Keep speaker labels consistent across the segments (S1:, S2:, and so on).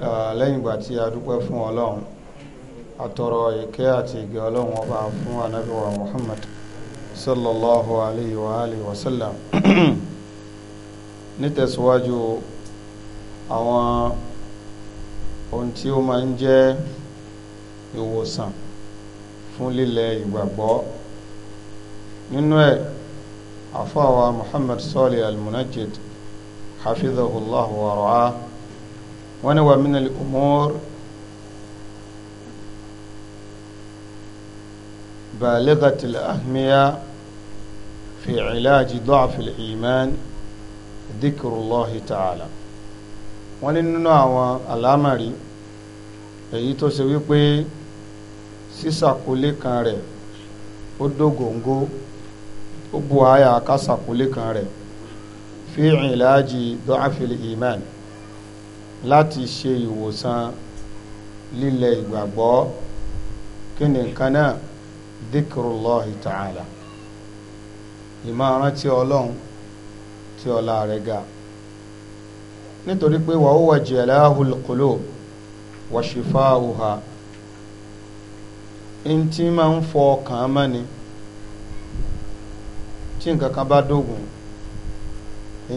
S1: lẹ́yìn ìgbà tí a dúpẹ́ fún ọlọ́run àtọrọ ìkẹ́ àti ìgẹ́ ọlọ́run ọba fún ànábì wa Muhammad sallallahu alayhi wa alihi wa sallam nítẹ̀síwájú àwọn ohun tí ó máa ń jẹ́ ìwòsàn fún lílẹ̀ ìgbàgbọ́ nínú ẹ̀ àfọwà Muhammad Salih al-Munajjid hafidhahullahu wa ra'ah wọ́n ní wà umur بالغة الأهمية في علاج ضعف الإيمان ذكر الله تعالى wọ́n ní nínú àwọn àlámàrí èyí tó ṣe wípé sísàkólé kan rẹ̀ ó dógóńgó ó bu àyà kásàkólé kan rẹ̀ fi ìlàjì dọ́àfìlì ìmáàni láti ṣe ìwòsàn lílẹ̀ ìgbàgbọ́ kí ni nǹkan náà dhikrullahi ta'ala ìmọ̀ràn tí ọlọ́run tí ọlá rẹ̀ ga nítorí pé wa huwa jala'ul qulub wa shifa'uha ń tí máa ń fọ ọkàn mọ́ni tí nǹkan kan bá dógùn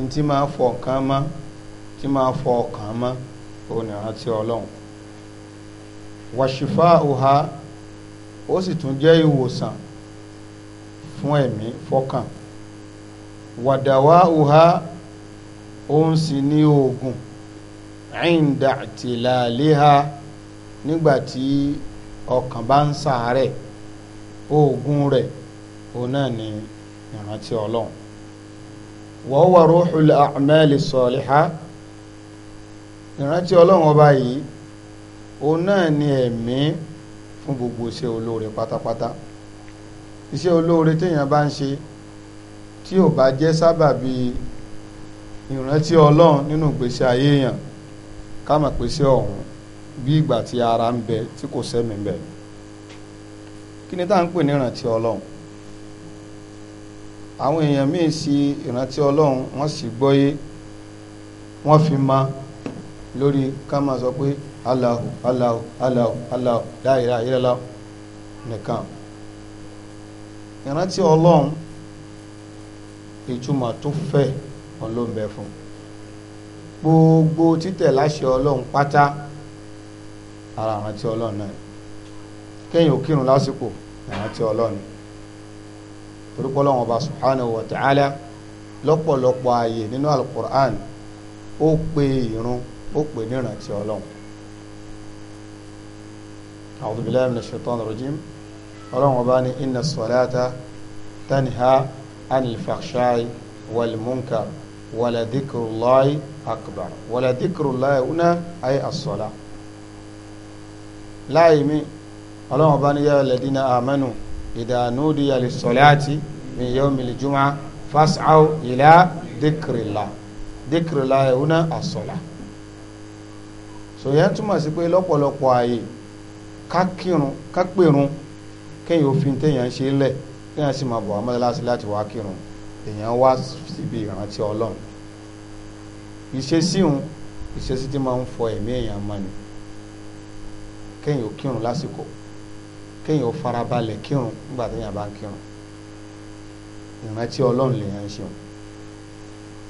S1: ń tí máa ń fọ ọkàn mọ́ tí máa fọ ọkàn mọ́ òun ìrántí ọlọ́run wàṣífà òhà ó sì tún jẹ́ ìwòsàn fún ẹ̀mí fọ́kàn wàdàwà òhà òun sì ní oògùn ẹ̀ǹdà tìlàléha nígbàtí ọkàn bá ń ṣàárẹ̀ oògùn rẹ̀ òun náà ni ìrántí ọlọ́run wọ́n wà rúhùl àmẹ́lì sọ̀lìhá. So ìrántí ọlọ́run ọba yìí òun náà ni ẹ̀mí fún gbogbo iṣẹ́ olóore pátápátá iṣẹ́ olóore téèyàn bá ń ṣe tí ò bá jẹ́ sábàbí ìrántí ọlọ́run nínú ìgbésí ayé èèyàn ká mọ̀ pé iṣẹ́ ọ̀hún bí ìgbà tí ara ń bẹ tí kò sẹ́mi bẹ kí ni tá ń pè ní ìrántí ọlọ́run àwọn èèyàn míì sí ìrántí ọlọ́run wọ́n sì gbọ́yé wọ́n fi máa lórí ká máa sọ pé Allahu Allahu Allahu Allahu la ilaha illallah nìkan ìrántí ọlọ́run ìtumọ̀ tó fẹ̀ ọlọ́mbẹ fún gbogbo títẹ̀ láṣẹ ọlọ́run pátá ara ìrántí ọlọ́run náà kẹ́yìn òkírun lásìkò ìrántí ọlọ́run orúkọ ọlọ́run ọba subhanahu wa ta'ala lọ́pọ̀lọpọ̀ ààyè nínú alukur'an ó pe ìrun ó pè ní ìrántí ọlọ́run a'udhu billahi minash shaitanir rajim ọlọ́run ọba ní inna salata tanha anil fakhshai wal munkar wala dhikrullahi akbar wala dhikrullahi una ay as-salah láì mi ọlọ́run ọba ní ya alladhina amanu idha nudiya lis-salati min yawmil jumu'ah fas'aw ila dhikrillah dhikrullahi una as sòyẹ́ túmọ̀ sí pé lọ́pọ̀lọpọ̀ ààyè kákírun kápẹ̀rún kéèyàn òfin téèyàn ṣe lẹ̀ kéèyàn sì máa bọ̀ wọ́n mọ́tàlásí láti wá kírun èèyàn wá síbi ìrántí ọlọ́run ìṣesíhun ìṣesí tí máa ń fọ ẹ̀mí èèyàn mọ́ ni kéèyàn kírun lásìkò kéèyàn farabalẹ̀ kírun nígbà téèyàn bá ń kírun ìrántí ọlọ́run lèèyàn ń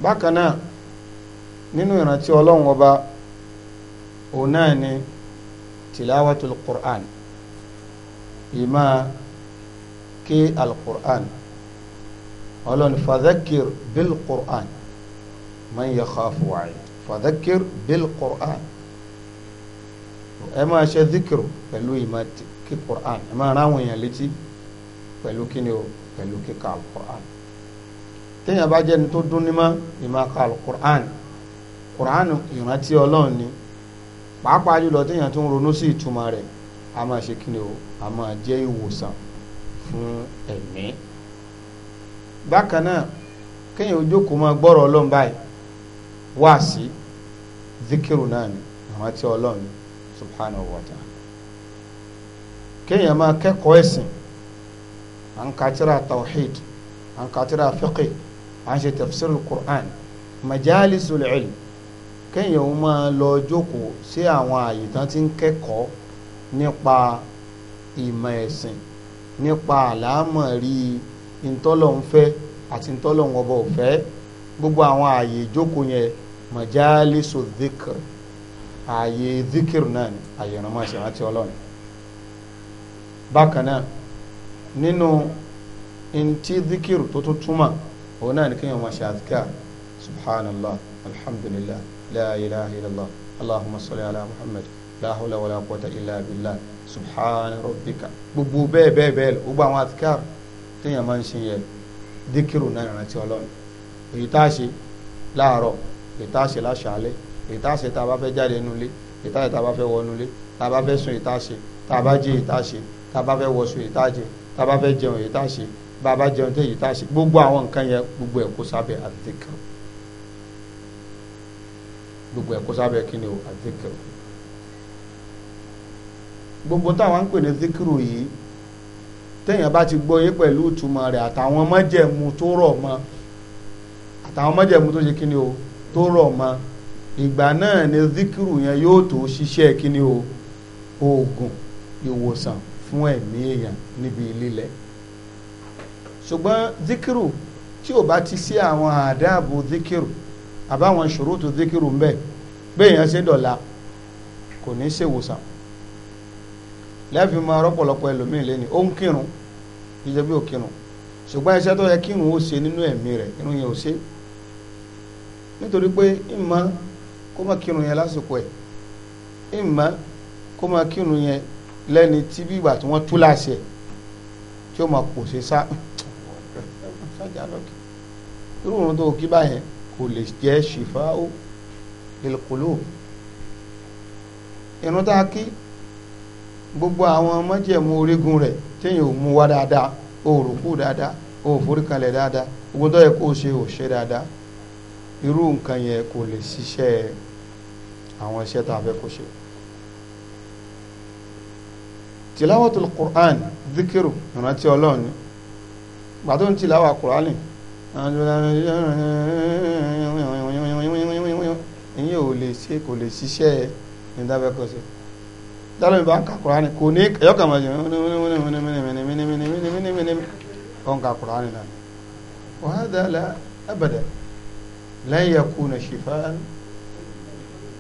S1: bákan náà nínú ìrántí ọlọ́run ọba òun náà ni tilawatul Qur'an ìmọ̀ ké al-Qur'an ọlọ́ni fadhakir bil Qur'an man yakhafu wa'id fadhakir bil Qur'an ẹ máa ṣe zikiru pẹ̀lú ìmọ̀ kí Qur'an ẹ máa ráwọn èèyàn létí pẹ̀lú kí ni o pẹ̀lú kíkà al-Qur'an téèyàn bá jẹ́ni tó dún ní mọ́ ìmọ̀ ká al-Qur'an Qur'an pàápàá jùlọ téèyàn tó ń ronú sí ìtumọ̀ rẹ̀ a máa ṣe kí ni o a máa jẹ́ ìwòsàn fún ẹ̀mí bákan náà kéèyàn ojókòó máa gbọ́rọ̀ ọlọ́run báyìí wá sí zikiru náà ni àwọn tí ọlọ́run subhanahu wa kéèyàn máa kẹ́kọ̀ọ́ ẹ̀sìn à ń ka tawhid à ń ka tírà à ń ṣe tafsirul qur'an majalisul ilm kéèyàn máa lọ jókòó sí àwọn àyè tán ti ń kẹ́kọ̀ọ́ nípa ìmọ̀ ẹ̀sìn nípa àlámọ̀rí ntọ́lọ́hún fẹ́ àti ntọ́lọ́hún ọba ò fẹ́ gbogbo àwọn ààyè ìjókòó yẹn majalisu dhikr ààyè dhikr náà ni ààyè ìrànmọ́ ìṣèrántí ọlọ́run bákan náà nínú ntí dhikr tó tún túmọ̀ òun náà ni kéèyàn máa ṣe àdìkà subhanallah alhamdulillah لا إله إلا الله اللهم صل على محمد لا حول ولا قوة إلا بالله سبحان ربك gbogbo bẹ́ẹ̀ bẹ́ẹ̀ bẹ́ẹ̀ lọ gbogbo àwọn àtikáàr téèyàn máa ń ṣe yẹn díkìrù náà ìrántí ọlọ́run èyí tá a ṣe láàárọ̀ èyí tá a ṣe láṣàálẹ̀ èyí tá a ṣe tá a bá fẹ́ jáde nulẹ̀ èyí tá a ṣe tá a bá fẹ́ wọ nulẹ̀ tá a bá fẹ́ sùn èyí tá a ṣe tá a bá jẹ èyí tá a ṣe tá a bá fẹ́ wọṣọ èyí tá a jẹ tá a bá fẹ́ jẹun èyí tá a ṣe bá a bá jẹun tẹ èyí tá a ṣe gbogbo àwọn nǹkan yẹn gbogbo ẹ̀ kó sábẹ́ àti kan gbogbo ẹ̀ kó kí ni o àdìkìrù gbogbo táwọn ń pè ní zikiru yìí téèyàn bá ti gbọ́ yé pẹ̀lú ìtumọ̀ rẹ̀ àtàwọn mọ́jẹ̀mú tó rọ̀ mọ́ àtàwọn mọ́jẹ̀mú tó ṣe kí ni o tó rọ̀ mọ́ ìgbà náà ni zikiru yẹn yóò tó ṣiṣẹ́ kí ni o oògùn ìwòsàn fún ẹ̀mí èèyàn níbi lílẹ̀ ṣùgbọ́n zikiru tí ò bá ti sí àwọn àdáàbò zikiru àbáwọn ṣurutu zikiru ń bẹ bẹ́ẹ̀ yẹn ṣe dọ̀la kò ní ṣe wòsàn lẹ́ẹ̀fì máa rọ́pọ̀lọpọ̀ ẹlòmíì lẹ́ni ó ń kírun ìjẹ́ bí ó kírun ṣùgbọ́n iṣẹ́ tó yẹ kírun ó ṣe nínú ẹ̀mí rẹ̀ irun yẹn ò ṣe nítorí pé ìmọ̀ kó má kírun yẹn lásìkò ẹ̀ ìmọ̀ kó má kírun yẹn lẹ́ni tí bí ìgbà tí wọ́n tú láṣẹ tí ó máa pòṣe sá irú òun tó kí báyẹn kò lè jẹ́ ṣìfáwó lèkòló irun tá a kí gbogbo àwọn májẹ̀mú orígun rẹ̀ téèyàn ò mú wá dáadáa o ò rùkú dáadáa o ò foríkalẹ̀ dáadáa gbogbo tó yẹ kó o ṣe ò ṣe dáadáa irú nǹkan yẹn kò lè ṣiṣẹ́ àwọn iṣẹ́ tá a fẹ́ kó ṣe tìláwọ̀tul Qur'an díkìrù ìrántí ọlọ́run gbàtó ń tìláwà Qur'an ìyẹn ò lè ṣe kò lè ṣiṣẹ́ ìdábẹ́ kọ sí dálómi bá ń ka kuraani kò ní ẹ̀yọ́kà máa jẹ ọ̀n ka kuraani náà wàá dàlẹ́ abẹ́dẹ́ lẹ́yìn ẹ̀kú na ṣìfẹ́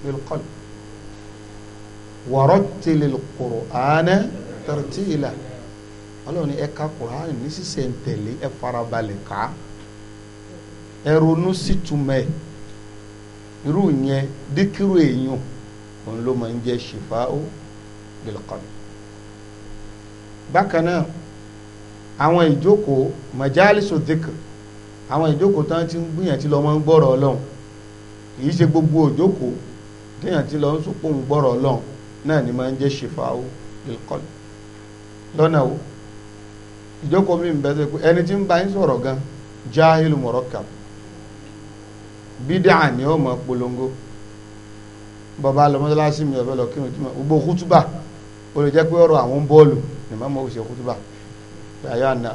S1: bilkọ́lù wàrọ́tìlì kuraani tẹ̀rẹ̀tìlà ọlọ́run ẹ̀ka kuraani ní sísẹ̀ ń tẹ̀lé ẹ̀ farabalẹ̀ ká ẹ ronú sí túmọ̀ ẹ̀ irú yẹn díkírò èèyàn òun ló máa ń jẹ́ ṣèfà ó lẹ́lọ́kọ̀ọ́nù. bákan náà àwọn ìjókòó majalisu dhikr àwọn ìjókòó tán ti ń gbìyàn tí lọ mọ́ ń gbọ́rọ̀ ọlọ́run kìí ṣe gbogbo òjókòó téèyàn lọ ń sopọ̀ ń gbọ́rọ̀ ọlọ́run náà ni máa ń jẹ́ ṣèfàáwó lẹ́kọ̀ọ́lù lọ́nà o ìjókòó mi ń bẹ́ẹ̀ pé ẹni tí ń bá yín sọ̀rọ̀ gan jahilu murakkab bídà ni ó mọ̀ polongo bàbá lọ mọ́sálásí mi ọ̀fẹ́ lọ kírun jùmọ̀ gbogbo kútúbà ó lè jẹ́ pé ọ̀rọ̀ àwọn bọ́ọ̀lù ni mọ́mọ́ ò ṣe kútúbà ayọ́ àná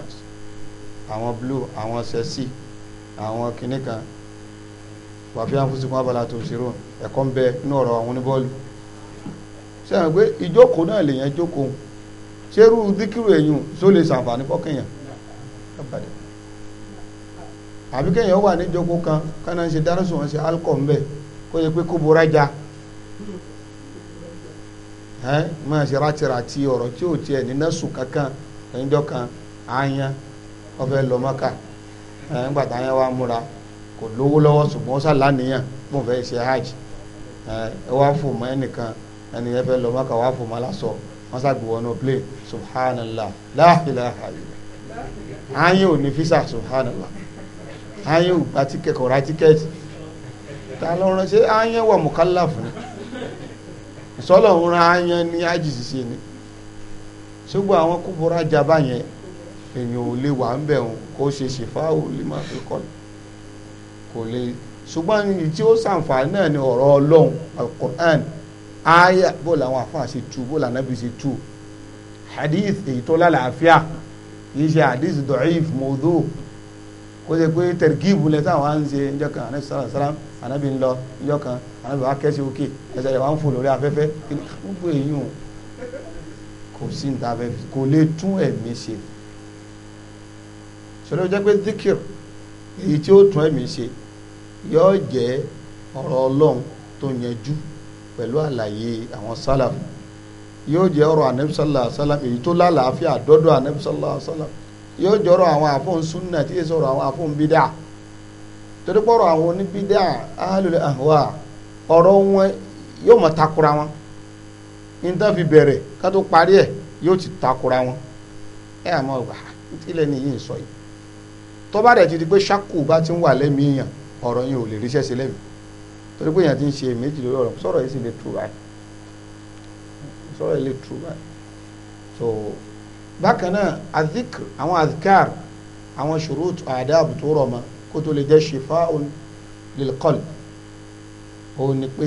S1: àwọn blue àwọn sẹ́sì àwọn kinní kan wàfí àfúnṣikún abala tó ṣe rò ẹ̀kọ́ ń bẹ inú ọ̀rọ̀ àwọn oníbọ́ọ̀lù sẹ́yìn pé ìjókòó náà lèyàn jókòó ṣerú díkìrò èyàn só lè ṣàǹfààní fọ́kànyàn àbí kéèyàn wà níjoko kan kánà ń ṣe dárúsù wọn ṣe alcohol ń bẹ kó ṣe pé kó bora ja ẹ máa ṣe rátiràti ọ̀rọ̀ tí ò tiẹ̀ nínú sùn kankan ẹnjọ́ kan àyàn ọ̀fẹ́ lọ́mọ́ka ẹ̀ ń gbàtà yẹn wá múra kò lówó lọ́wọ́ ṣùgbọ́n sàlánìyàn mo fẹ́ ṣe hajj ẹ wá fò mọ́ ẹnìkan ẹni fẹ́ lọ́mọ́ka wá fò mọ́ aláṣọ wọ́n ṣàgbéwọ́n náà play subhanallah láàfin láàfin àyàn ò ní físà subhanallah ayé ò gba tíkẹ́ kò ra tíkẹ́ẹ̀tì ta ló rán ṣé ayé wà mùkálà fún sọlọ ń ran ayé ní àjìṣiṣẹ́ ni ṣùgbọ́n àwọn kúbúrá jaba yẹn èèyàn ò lè wà ń bẹ̀ wọn kó ṣe ṣèfáwò lè má fi kọ́ kò lè ṣùgbọ́n ní tí ó ṣàǹfààní náà ni ọ̀rọ̀ ọlọ́run alukur'an aya bó làwọn afa ṣe tu bó làwọn ṣe tu hadith èyí tó lálàáfíà kì í ṣe hadith dọ̀íf mọ́dọ́ kó ṣe pé tẹ̀gíìbù lẹ táwọn á ń ṣe ńjọ́ kan anabi sàlám sàlám anabi ń lọ ńjọ́ kan anabi wa kẹ́sì òkè ẹsẹ̀ rẹ̀ wá ń fò lórí afẹ́fẹ́ kí ni gbogbo èyí ò kò sí níta fẹ́ kò lè tún ẹ̀mí ṣe sọlá jẹ́ pé zikir èyí tí ó tún ẹ̀mí ṣe yóò jẹ́ ọ̀rọ̀ ọlọ́run tó yanjú pẹ̀lú àlàyé àwọn sálàfù yóò jẹ́ ọ̀rọ̀ anabi sàlám sàlám èyí tó lálàáfíà dọ́dọ̀ anabi sàlám sàlám yóò jọrọ àwọn àfọ̀n súnà tí yóò sọ̀rọ̀ àwọn àfọ̀n bídà torí pọ̀rọ̀ àwọn oníbídà ahlul ahwa ọ̀rọ̀ wọn yóò mọ̀ takura wọn níta fi bẹ̀rẹ̀ ká tó parí ẹ̀ yóò ti takura wọn ẹ àmọ́ ìgbà tílẹ̀ nìyí ń sọ yìí tọ́ba rẹ̀ ti di pé ṣáku bá ti ń wà lẹ́mìí yàn ọ̀rọ̀ yẹn ò lè ríṣẹ́ sí lẹ́mìí torí pé yàn ti ń ṣe méjì lórí ọ̀rọ̀ sọ̀rọ̀ yìí sì lè tù báyìí sọ̀rọ̀ yìí lè tù báyìí so bákan náà azikr àwọn azikar àwọn ṣurut àdáàbò tó rọ̀ mọ́ kó tó lè jẹ́ shifa'un lil qalb òun ni pé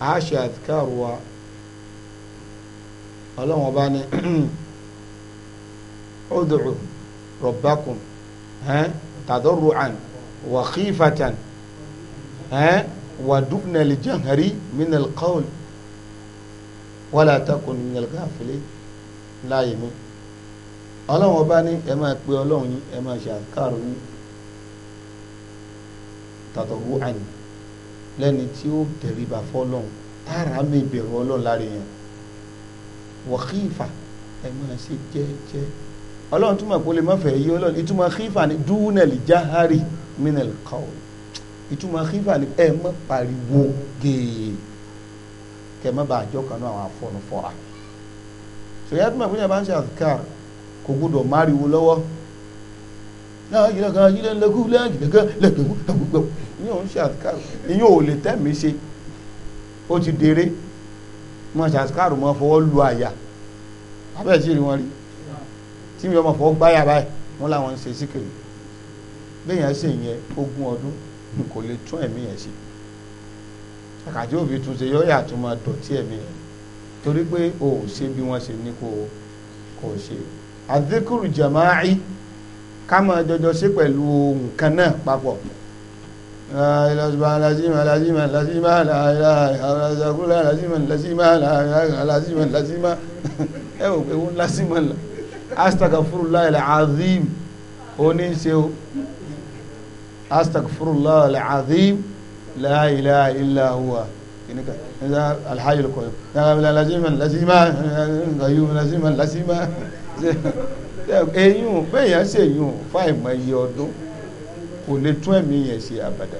S1: a ṣe azikar wa ọlọ́wọ́n bá ní ud'u rabbakum eh, tadarru'an wa khifatan eh, wa dubna al-jahri min al-qawl wala takun min al-ghafilin láàyè mi ọlọ́run ọba ní ẹ máa pe ọlọ́run yín ẹ máa ṣe àkàrò yín tàtọ̀wó àyìn lẹ́ni tí ó tẹríba fọlọ́run tára mi bẹ̀rù ọlọ́run láre yẹn wọ̀kífà ẹ máa ṣe jẹ́jẹ́ ọlọ́run túmọ̀ pé ó lè má fẹ́ yí ọlọ́run ìtumọ̀ kífà ní dúnẹ̀lì jáhárì mínẹ̀lì kọ́ọ̀lù ìtumọ̀ kífà ní ẹ má pariwo gèè kẹ má bàa jọ́ kanú àwọn afọ́nufọ́ra sèyá tó máa fún yàrá bá ń ṣe àkàr kò gbọdọ̀ máriwo lọ́wọ́ náà yìí lọ́kàn yìí lẹ́kú lẹ́kú lẹ́kú lẹ́kú ìyẹn ò ń ṣe àkàr ìyẹn ò lè tẹ́mi ṣe ó ti dèrè mọ ṣe àkàr mọ fọwọ́ lu àyà abẹ́ẹ̀ sí rí wọn rí tí mi ọmọ fọwọ́ gbáyà báyìí wọn làwọn ń ṣe síkìrì bẹ́ẹ̀ yẹn ṣe yẹn ogún ọdún kò lè tún ẹ̀mí yẹn ṣe àkàtí òbí tún ṣe yọ yà tún máa dọ̀tí ẹ̀mí yẹn torí pé o ò ṣe bí wọ́n ṣe ní kó kó ṣe àdékùrù jama'i ká máa jọjọ ṣe pẹ̀lú nǹkan náà papọ̀ ẹ wò pé wọn lásìmọ̀ la astagfirullah al-azim oníṣe o astagfirullah al-azim la ilaha illa huwa kìnnìkà ẹ̀dá alhaji ló kọ̀yọ̀ ẹ̀dá lásìmọ̀ lásìmọ̀ ẹ̀yù lásìmọ̀ lásìmọ̀ ẹ̀yùn bẹ́ẹ̀ yẹn ṣe yùn fáìmọ̀ iye ọdún kò lè tún ẹ̀mí yẹn ṣe àbàdà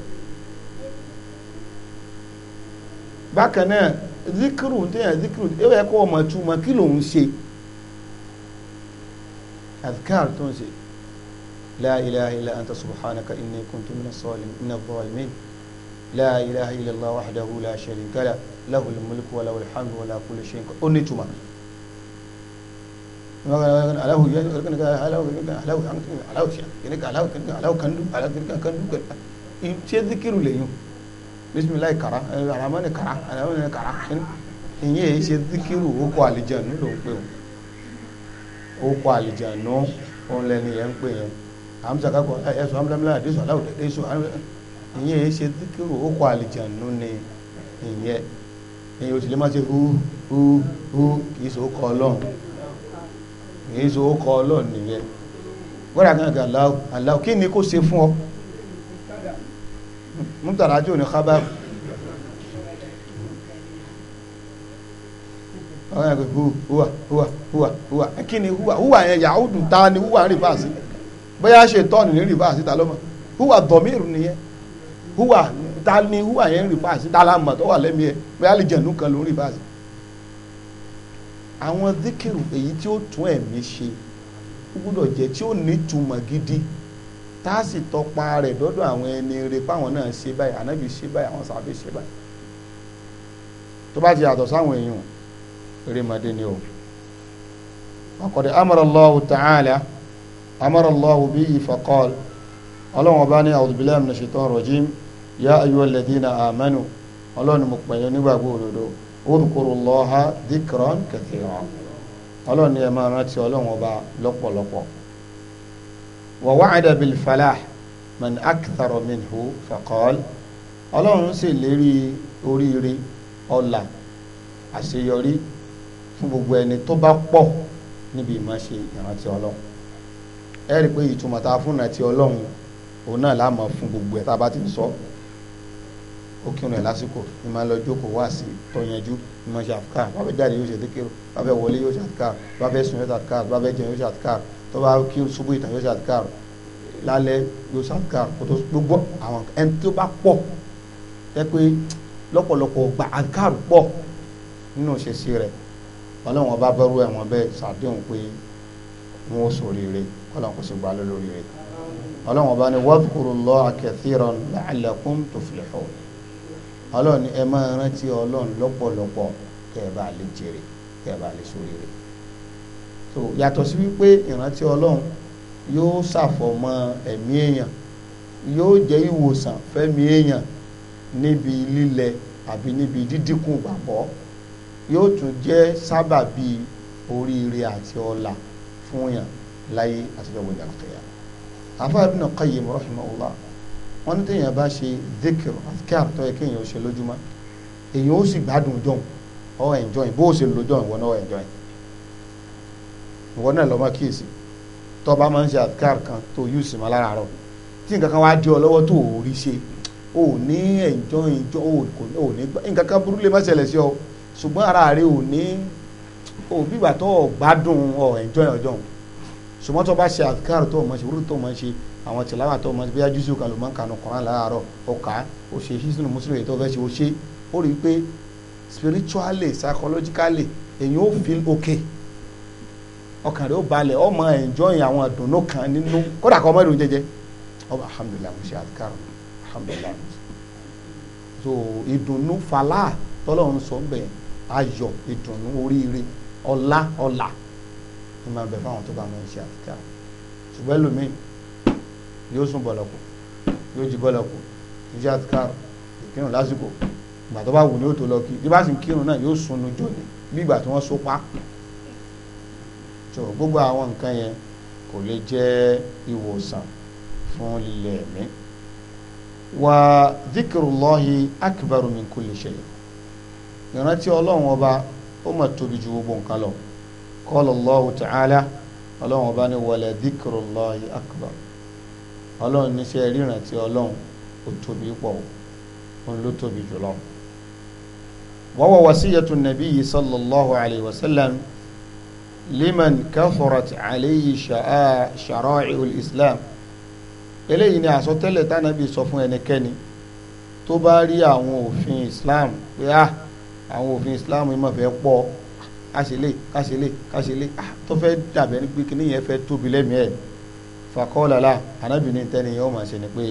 S1: bákan náà zikiru téèyàn zikiru ẹ bẹ́ẹ̀ kọ́ ọmọ túmọ̀ kí lòun ṣe adhkar tó ń ṣe la ilaha illa anta subhanaka inni kuntu minas zalimin la ilaha illallah wahdahu la sharika la lahu almulku wa lahu alhamdu wa la kulli shay'in ó ní tuma alahu ṣe zikiru lẹ́yìn bisimilayi kara aramani kara aramani kara ìyẹn ṣe zikiru ó kọ àlìjànú ló ń pè ó kọ àlìjànú òun lẹni yẹn ń pè yẹn àmì sàkàkọ ẹsùn amúlámúlá àdéṣù aláwọ dẹdẹṣù amúlámúlá ìyẹn èyí ṣe díkìrù ó kọ àlìjànú ni ìyẹn ìyẹn ò sì lè má ṣe hu hu hu kìí ṣe ó kọ ọlọ́run kìí ṣe ó kọ ọlọ́run nìyẹn wọ́n àgbà àgbà aláwọ̀ aláwọ̀ kí ni kò ṣe fún ọ mútàrà tí ò ní kábàrù àwọn àgbẹ̀ hùwà hùwà hùwà hùwà kí ni hùwà hùwà yẹn yàhùdù ta ni hùwà rìbáàsì bóyá ṣe tọ́ọ̀nù ní rìbáàsì ta ló mọ̀ hùwà dọ̀míìrù nìyẹn húwà ta ni húwà yẹn ń rìfà sí ta la mọ̀ tó wà lẹ́mí ẹ bẹ́ẹ̀ àlìjẹ̀nu kan ló ń rìfà sí. àwọn díkìrù èyí tí ó tún ẹ̀mí ṣe ó gbúdọ̀ jẹ́ tí ó nítumọ̀ gidi tá a sì tọpa rẹ̀ dọ́dọ̀ àwọn ẹni rẹ̀ páwọn náà ṣe báyìí ànábì ṣe báyìí àwọn sàbẹ̀ ṣe báyìí tó bá ti yàtọ̀ sáwọn èèyàn erémadé ni o ọkọ̀dẹ̀ amarallahu ta'ala amarallahu bihi faqal ọlọ́wọ́n bá ní a'udhu billahi minash shaitani rajim yá ayọ́ lẹ́dínà àmẹ́nu ọlọ́run mo pẹ̀yẹ nígbàgbọ́ òdodo orúkúrú lọ́ha dìkìrán kẹtìrán ọlọ́run ni ẹ máa rántí ọlọ́run ọba lọ́pọ̀lọpọ̀ wà wa'ada bil falah man akthara minhu faqal ọlọ́run sì lérí oríire ọlà àṣeyọrí fún gbogbo ẹni tó bá pọ̀ níbi ìmọ̀ ṣe ìrántí ọlọ́run ẹ pé ìtumọ̀ fún ìrántí ọlọ́run òun náà la fún gbogbo ẹ̀ tá a bá ti sọ ọ́ ó kírun ẹ̀ lásìkò ní máa lọ jókòó wá sí tọ́yanjú ní máa ṣe àfikàr bá fẹ́ jáde yóò ṣe dékèrò bá fẹ́ wọlé yóò ṣe àfikàr bá fẹ́ sùn yóò ṣe àfikàr bá fẹ́ jẹun yóò ṣe àfikàr tó bá kí ṣubú ìtàn yóò ṣe àfikàr lálẹ́ yóò ṣe àfikàr kó tó gbogbo àwọn ẹni tó bá pọ̀ tẹ́ pé lọ́pọ̀lọpọ̀ gba àfikàr pọ̀ nínú ìṣesí rẹ̀ ọlọ́run ọba bẹ́rù ẹ̀wọ̀n bẹ́ẹ̀ ṣàdéhùn pé wọn ó ṣoríire ọlọ́run kò sì gbà lórí rẹ̀ ọlọ́run ọba ni wadhkurullaha kathiran la'allakum tuflihun ọlọ́run ni ẹ máa rántí ọlọ́run lọ́pọ̀lọpọ̀ kẹ́ ẹ bá lè jèrè kẹ́ ẹ bá lè ṣoríire so yàtọ̀ sí wípé ìrántí ọlọ́run yóò ṣàfọ̀mọ́ ẹ̀mí èèyàn yóò jẹ́ ìwòsàn fẹ́mi èèyàn níbi lílẹ̀ àbí níbi dídínkù gbàgbọ́ yóò tún jẹ́ sábàbí oríire àti ọlà fún yàn láyé àtijọ́ gbọdọ̀ àkẹyà àfáà Ibn Qayyim rahimahullah wọ́n ní téèyàn bá ṣe dhikr adhkar tó yẹ kéèyàn ṣe lójúmọ́ èyàn ó sì gbádùn jọ̀hún ọ̀ enjoy bó o ṣe lo jọ̀hún ìwọ ọ̀ enjoy ìwọ náà lọ́mọ kíyèsí tó bá máa ń ṣe adhkar kan tó yù sí ma lára rọ̀ tí nǹkan kan wá di ọ lọ́wọ́ tó o rí ṣe o ò ní enjoy ìjọ o ò ní nǹkan kan burú lè má ṣẹlẹ̀ sí ọ ṣùgbọ́n ara rẹ ò ní o bígbà tó o gbádùn ọ enjoy ọjọ́ ṣùgbọ́n tó bá ṣe adhkar tó o máa ṣe wúrú tó o máa ṣe àwọn tìláwà tó mọ bí a jùsù kan ló máa ń kanu Quran láàárọ̀ ọ̀ka ó ṣe hísùn mùsùlùmí tó fẹ́ ṣe ó ṣe ó rí i pé spiritually psychologically èyí ó feel okay ọkàn rẹ̀ ó balẹ̀ ọmọ enjoy àwọn àdùnnú kan nínú kódà kọ́ ọmọ ìlú jẹjẹ ọba alhamdulilayi mo ṣe àdìkàrọ̀ alhamdulilayi so ìdùnnú falá tọ́lọ́run sọ bẹ́ẹ̀ ayọ̀ ìdùnnú oríire ọlá ọlà ni máa bẹ̀ fáwọn tó bá máa ń ṣe àdìkàrọ̀ ṣùgbọ́n ẹlòmíràn yóò sùn bọ̀lọ̀kù yóò jí bọ̀lọ̀kù yóò ṣe àtikáàrù ìkírun lásìkò ìgbà tó bá wù ní òtò lọ kí bí bá sì ń kírun náà yóò sùn lójó ni bí ìgbà tí wọ́n so pa tó gbogbo àwọn nǹkan yẹn kò lè jẹ́ ìwòsàn fún lílẹ̀ ẹ̀mí wà dhikrullahi akbaru min kulli shay ìrántí ọlọ́run ọba ó mà tóbi ju gbogbo nǹkan lọ qala Allahu ta'ala ọlọ́run ọba ní wala dhikrullahi akbaru ọlọ́run níṣẹ́ ríran tí ọlọ́run ó tóbi pọ̀ òun ló tóbi jùlọ. wa huwa wasiyatu nabiyyi sallallahu alayhi wa sallam liman kathurat alayhi shara'i'ul islam eléyìí ni àsọtẹ́lẹ̀ tánàbí sọ fún ẹnikẹ́ni tó bá rí àwọn òfin islam pé ah àwọn òfin islam yìí mà fẹ́ pọ̀ kásìlè kásìlè kásìlè ah, tó fẹ́ dàbẹ́ ní pé kíní yẹn fẹ́ tóbi lẹ́mìí ẹ̀ fàkọ́lọ́lá anábì ní tẹ́ni yóò máa ṣe ni pé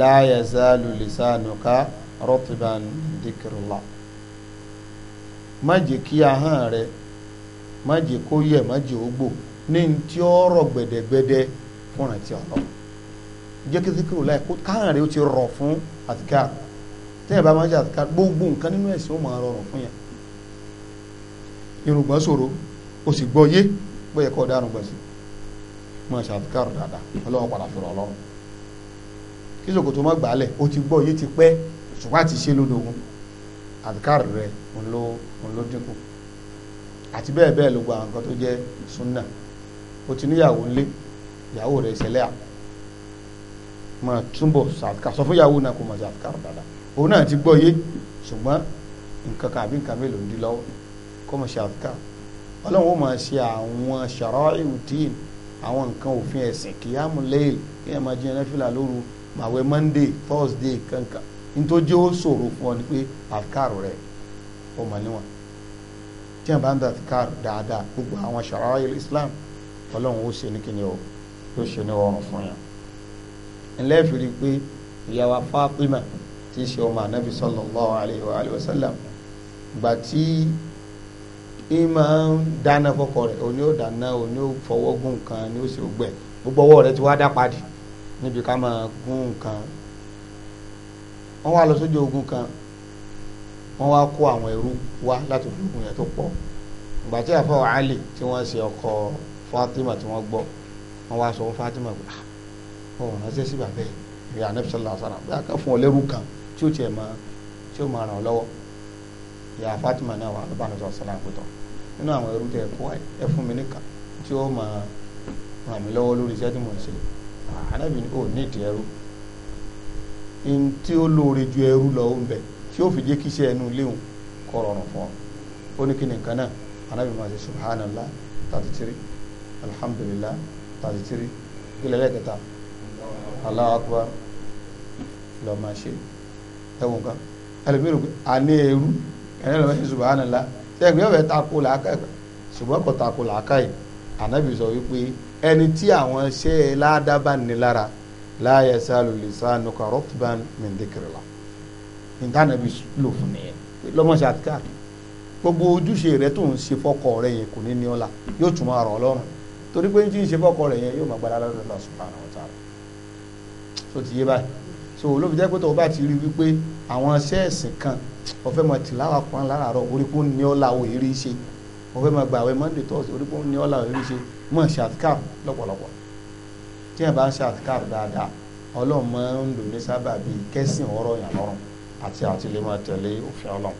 S1: láyà sáàlù lisanuka rọ́tìbàn dìkìrìlá má jẹ́ kí ahọ́n rẹ má jẹ́ kó yẹ má jẹ́ ó gbò ní tí ó rọ̀ gbẹ̀dẹ̀gbẹ̀dẹ̀ fúnra ti ọ̀lọ́ jẹ́ kí zikiru láì kó káhàn rẹ ó ti rọ̀ fún àtìká tẹ́yìn bá máa ń àtìká gbogbo nǹkan nínú ẹ̀sìn ó máa rọrùn fún yẹn irùngbọ̀n ṣòro ó sì gbọ́ yé bóyá kọ́ ọ̀daràn gbọ̀n sí i mọ̀ ṣàdúkàrù dáadáa ọlọ́wọ́ padà fèrè ọlọ́run kí sòkòtò mọ́ gbàálẹ̀ o ti gbọ́ yìí ti pẹ́ ṣùgbọ́n àti ṣe lódogun àdúkàrù rẹ òun ló dínkù àti bẹ́ẹ̀ bẹ́ẹ̀ ló gba nǹkan tó jẹ́ sunna o ti níyàwó ńlé ìyàwó rẹ ìṣẹ̀lẹ̀ à mọ̀ túnbọ̀ ṣàdúkàrù sọ fún ìyàwó náà kò mọ̀ ṣàdúkàrù dáadáa òun náà ti gbọ́ yé ṣùgbọ́n nǹkan kan àbí nǹkan mélòó ń dín lọ́wọ́ kó mọ̀ ṣàdúkàrù ọlọ́run ó máa ṣe àwọn ṣàrọ́ ìwùdíìn àwọn nǹkan òfin ẹ̀sìn kìyàmù lẹ́yìn kéèyàn máa jiyàn náfìlà lóru màwẹ̀ monday thursday kankan nítorí ó ṣòro fún ọ ni pé àfikàrò rẹ ó mọ níwọ̀n tí wọn bá ń da àfikàrò dáadáa gbogbo àwọn ṣàròyìn islam ọlọ́run ó ṣe ní kíni o yóò ṣe ní ọrùn fún yàn ńlẹ́ fi rí i pé ìyàwó Fatima tí í ṣe ọmọ anabi sallallahu alayhi wa sallam gbàtí ìmọ̀ ń dáná fọkọ rẹ̀ òní ó dáná òní ó fọwọ́ gún nǹkan ni ó sì gbẹ gbogbo ọwọ́ rẹ̀ ti wá dá padì níbi ká máa gún nǹkan wọ́n wá lọ sójú ogun kan wọ́n wá kó àwọn ẹrú wá láti ológun yẹn tó pọ̀ ìgbà tí àfọ Ali tí wọ́n ṣe ọkọ Fatima tí wọ́n gbọ́ wọ́n wá sọ fún Fatima pé ah, ọ ọ ránṣẹ́ sí bàbá yìí ìyá anabisala sara bí a kà fún ọ lẹ́rú kan tí ó tiẹ̀ máa tí ó máa ràn ọ́ lọ́wọ́ ìyá Fatima náà wà lọ́ba àdàtọ̀ sọlá àpótọ́ nínú àwọn ẹrú tẹ ẹ kó wáyé ẹ fún mi nìkan tí ó máa ràn mí lọ́wọ́ lórí iṣẹ́ tí mò ń ṣe ànábì ní ò ní ìdí ẹrú ní tí ó lóore ju ẹrú lọ ó ń bẹ tí ó fi jẹ́ kí iṣẹ́ ẹnu léwu kọ́ rọrùn fún ọ ó ní kí nìkan náà ànábì máa ṣe subhanallah thirty three alhamdulillah thirty three ilẹ̀ lẹ́kẹta Allahu akbar lọ́ọ́ máa ṣe ẹ̀wọ̀n kan ẹlòmíràn àní ẹrú ẹ̀rọ lọ́ọ́ máa ṣe subhanallah sẹ́gbẹ́ ọ̀fẹ́ tako làákàyè ṣùgbọ́n kò tako làákàyè ànábì sọ wípé ẹni tí àwọn ṣe é ládàbà ní lára láàyè sálù lisanu karotban mìndékìrìlá ìtànàbì lò fún nìyẹn lọ́mọṣẹ́ àtiká gbogbo ojúṣe rẹ tó ń ṣe fọkọ rẹ yẹn kò ní ní ọlá yóò tún máa rọ Ọlọ́run torí pé ń ń ṣe fọkọ rẹ yẹn yóò máa gbára lọ́dọ̀ lọ subhanahu wa ta'ala so ti yé báyìí so olóbi jẹ́ pé tó o bá ti rí wípé àwọn ṣẹ́ẹ̀sì kan ọ̀fẹ́ mọ̀ tìláwà kan láràárọ̀ orípo ní ọ́ làwọ̀ eré ṣe ọ̀fẹ́ mọ̀ gbà wẹ́ monday thursday orípo ní ọ́ làwọ̀ eré ṣe mọ̀ ṣàtìkàr lọ́pọ̀lọpọ̀ tí yẹn bá ń ṣàtìkàr dáadáa ọlọ́run máa ń lò ní sábà bíi kẹ́sìn ọ̀rọ̀ yàn lọ́rùn àti àti lè máa tẹ̀lé òfin ọlọ́run.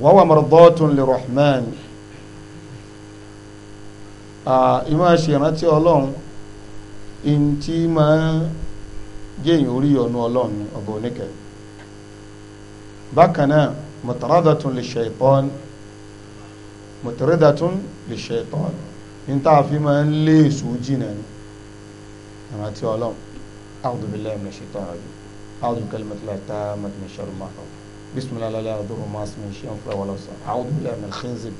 S1: wọ́n wà mardọ́tun lè rahman ìmọ̀ ṣèrántí ọlọ́run ìntì máa ń jẹ́yìn orí ọ̀nà ọlọ́run ọ̀bọ̀ oníkẹ́yìn bákan náà mọ̀tàrádàtún lè ṣẹ̀tọ́n mọ̀tàrádàtún lè ṣẹ̀tọ́n ní tá a fi máa ń lé èso jìnnà ni àwọn àti ọlọ́run أعوذ بالله من الشيطان الرجيم أعوذ بكلمة الله التامة من شر ما خلق بسم الله لا يضر ما اسمه شيء فلا ولا صار أعوذ بالله من الخنزب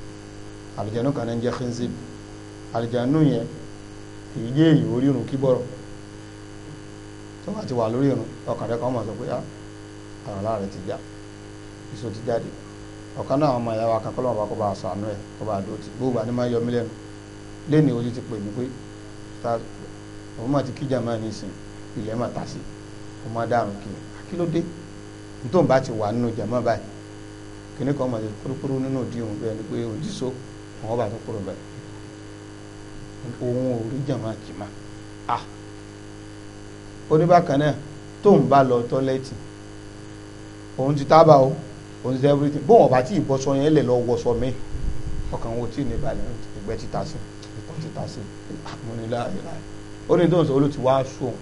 S1: àlìjánu kan ń jẹ́ khinzib àlìjánu yẹn kì í jẹ́ èyí orí irun kí bọ́rọ̀ tó bá ti wà lórí irun ọkàn rẹ̀ kan mọ̀ sọ pé ah àrùn láàrin ti já èso ti jáde ọ̀kan náà àwọn ọmọ ìyá wa kan kọ́lọ́mọ̀ bá kó bá aṣọ àánú ẹ̀ kó bá dúró ti gbogbo àní máa yọ mí lẹ́nu lẹ́nu ojú ti pè mí pé òun máa ti kíjà máa ní ìsìn ilẹ̀ máa ta sí ó máa kí kí ló dé nítorí bá ti wà nínú jàmọ́ báyìí kíní kan máa ti kúrúkúrú nínú òdi òun bẹ́ẹ̀ ni pé òdi so àwọn bá tó kúrò bẹ́ẹ̀ òun ò rí jàmọ́ àjìmá ah oníbàkan náà tóun bá lọ tọ́lẹ́ẹ̀tì òun ti tábà o òun everything bó wọn bá tí ìbọsọ yẹn lè lọ wọṣọ mi ọkàn wọn ò tí ní balẹ̀ ìgbẹ́ ti ta sí ìtàn ti ta sí àmúnilá ìlà ó ní tó ń sọ olú ti wá sóun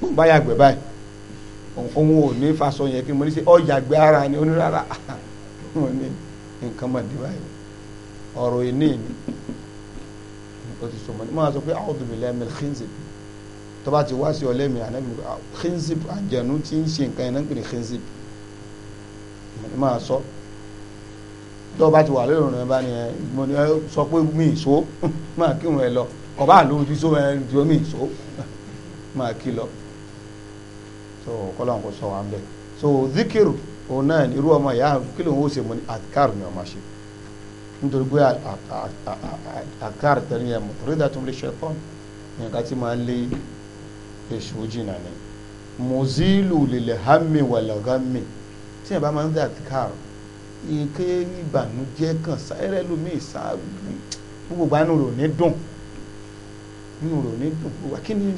S1: bó ń bá yàgbẹ́ báyìí òun ò ní fasọ yẹn kí mo ní ṣe ọ̀yàgbẹ́ ara ni onírara wọn ní nǹkan mọ̀ dé báyìí ọ̀rọ̀ ìní mi o ti sọmọ ní mo máa sọ pé àwọn obìnrin xinzip tó ti wá sí ọlẹ́mí ànábì xinzip àjẹnú ti ń ṣe nǹkan yẹn náà ń pè ní xinzip máa sọ tó bá ti wà lórí ìrìn bá ní ẹ mo ní ẹ sọ pé mi ìṣó máa kírun ẹ lọ kọba àlóhun ti sọ ẹ ju mi ìṣó máa kí lọ so kọlọ́n kò sọ wà ń bẹ so zikiru òun náà irú ọmọ ìyá kí ló ń wò ṣe mo ní adkar ni ọmọ ṣe nítorí pé adkar tẹ̀lé ẹ mọ̀tòrídà tó ń lè ṣe pọ́n nǹkan tí máa ń lé èṣù jìnnà ni mozilu lil hammi wal ghammi tí yẹn bá máa ń dà káàr ike ìbànújẹ́ kan sáyẹrẹ lómi ìsá gbogbo gba inú rò ní dùn inú rò ní dùn gbogbo kí ni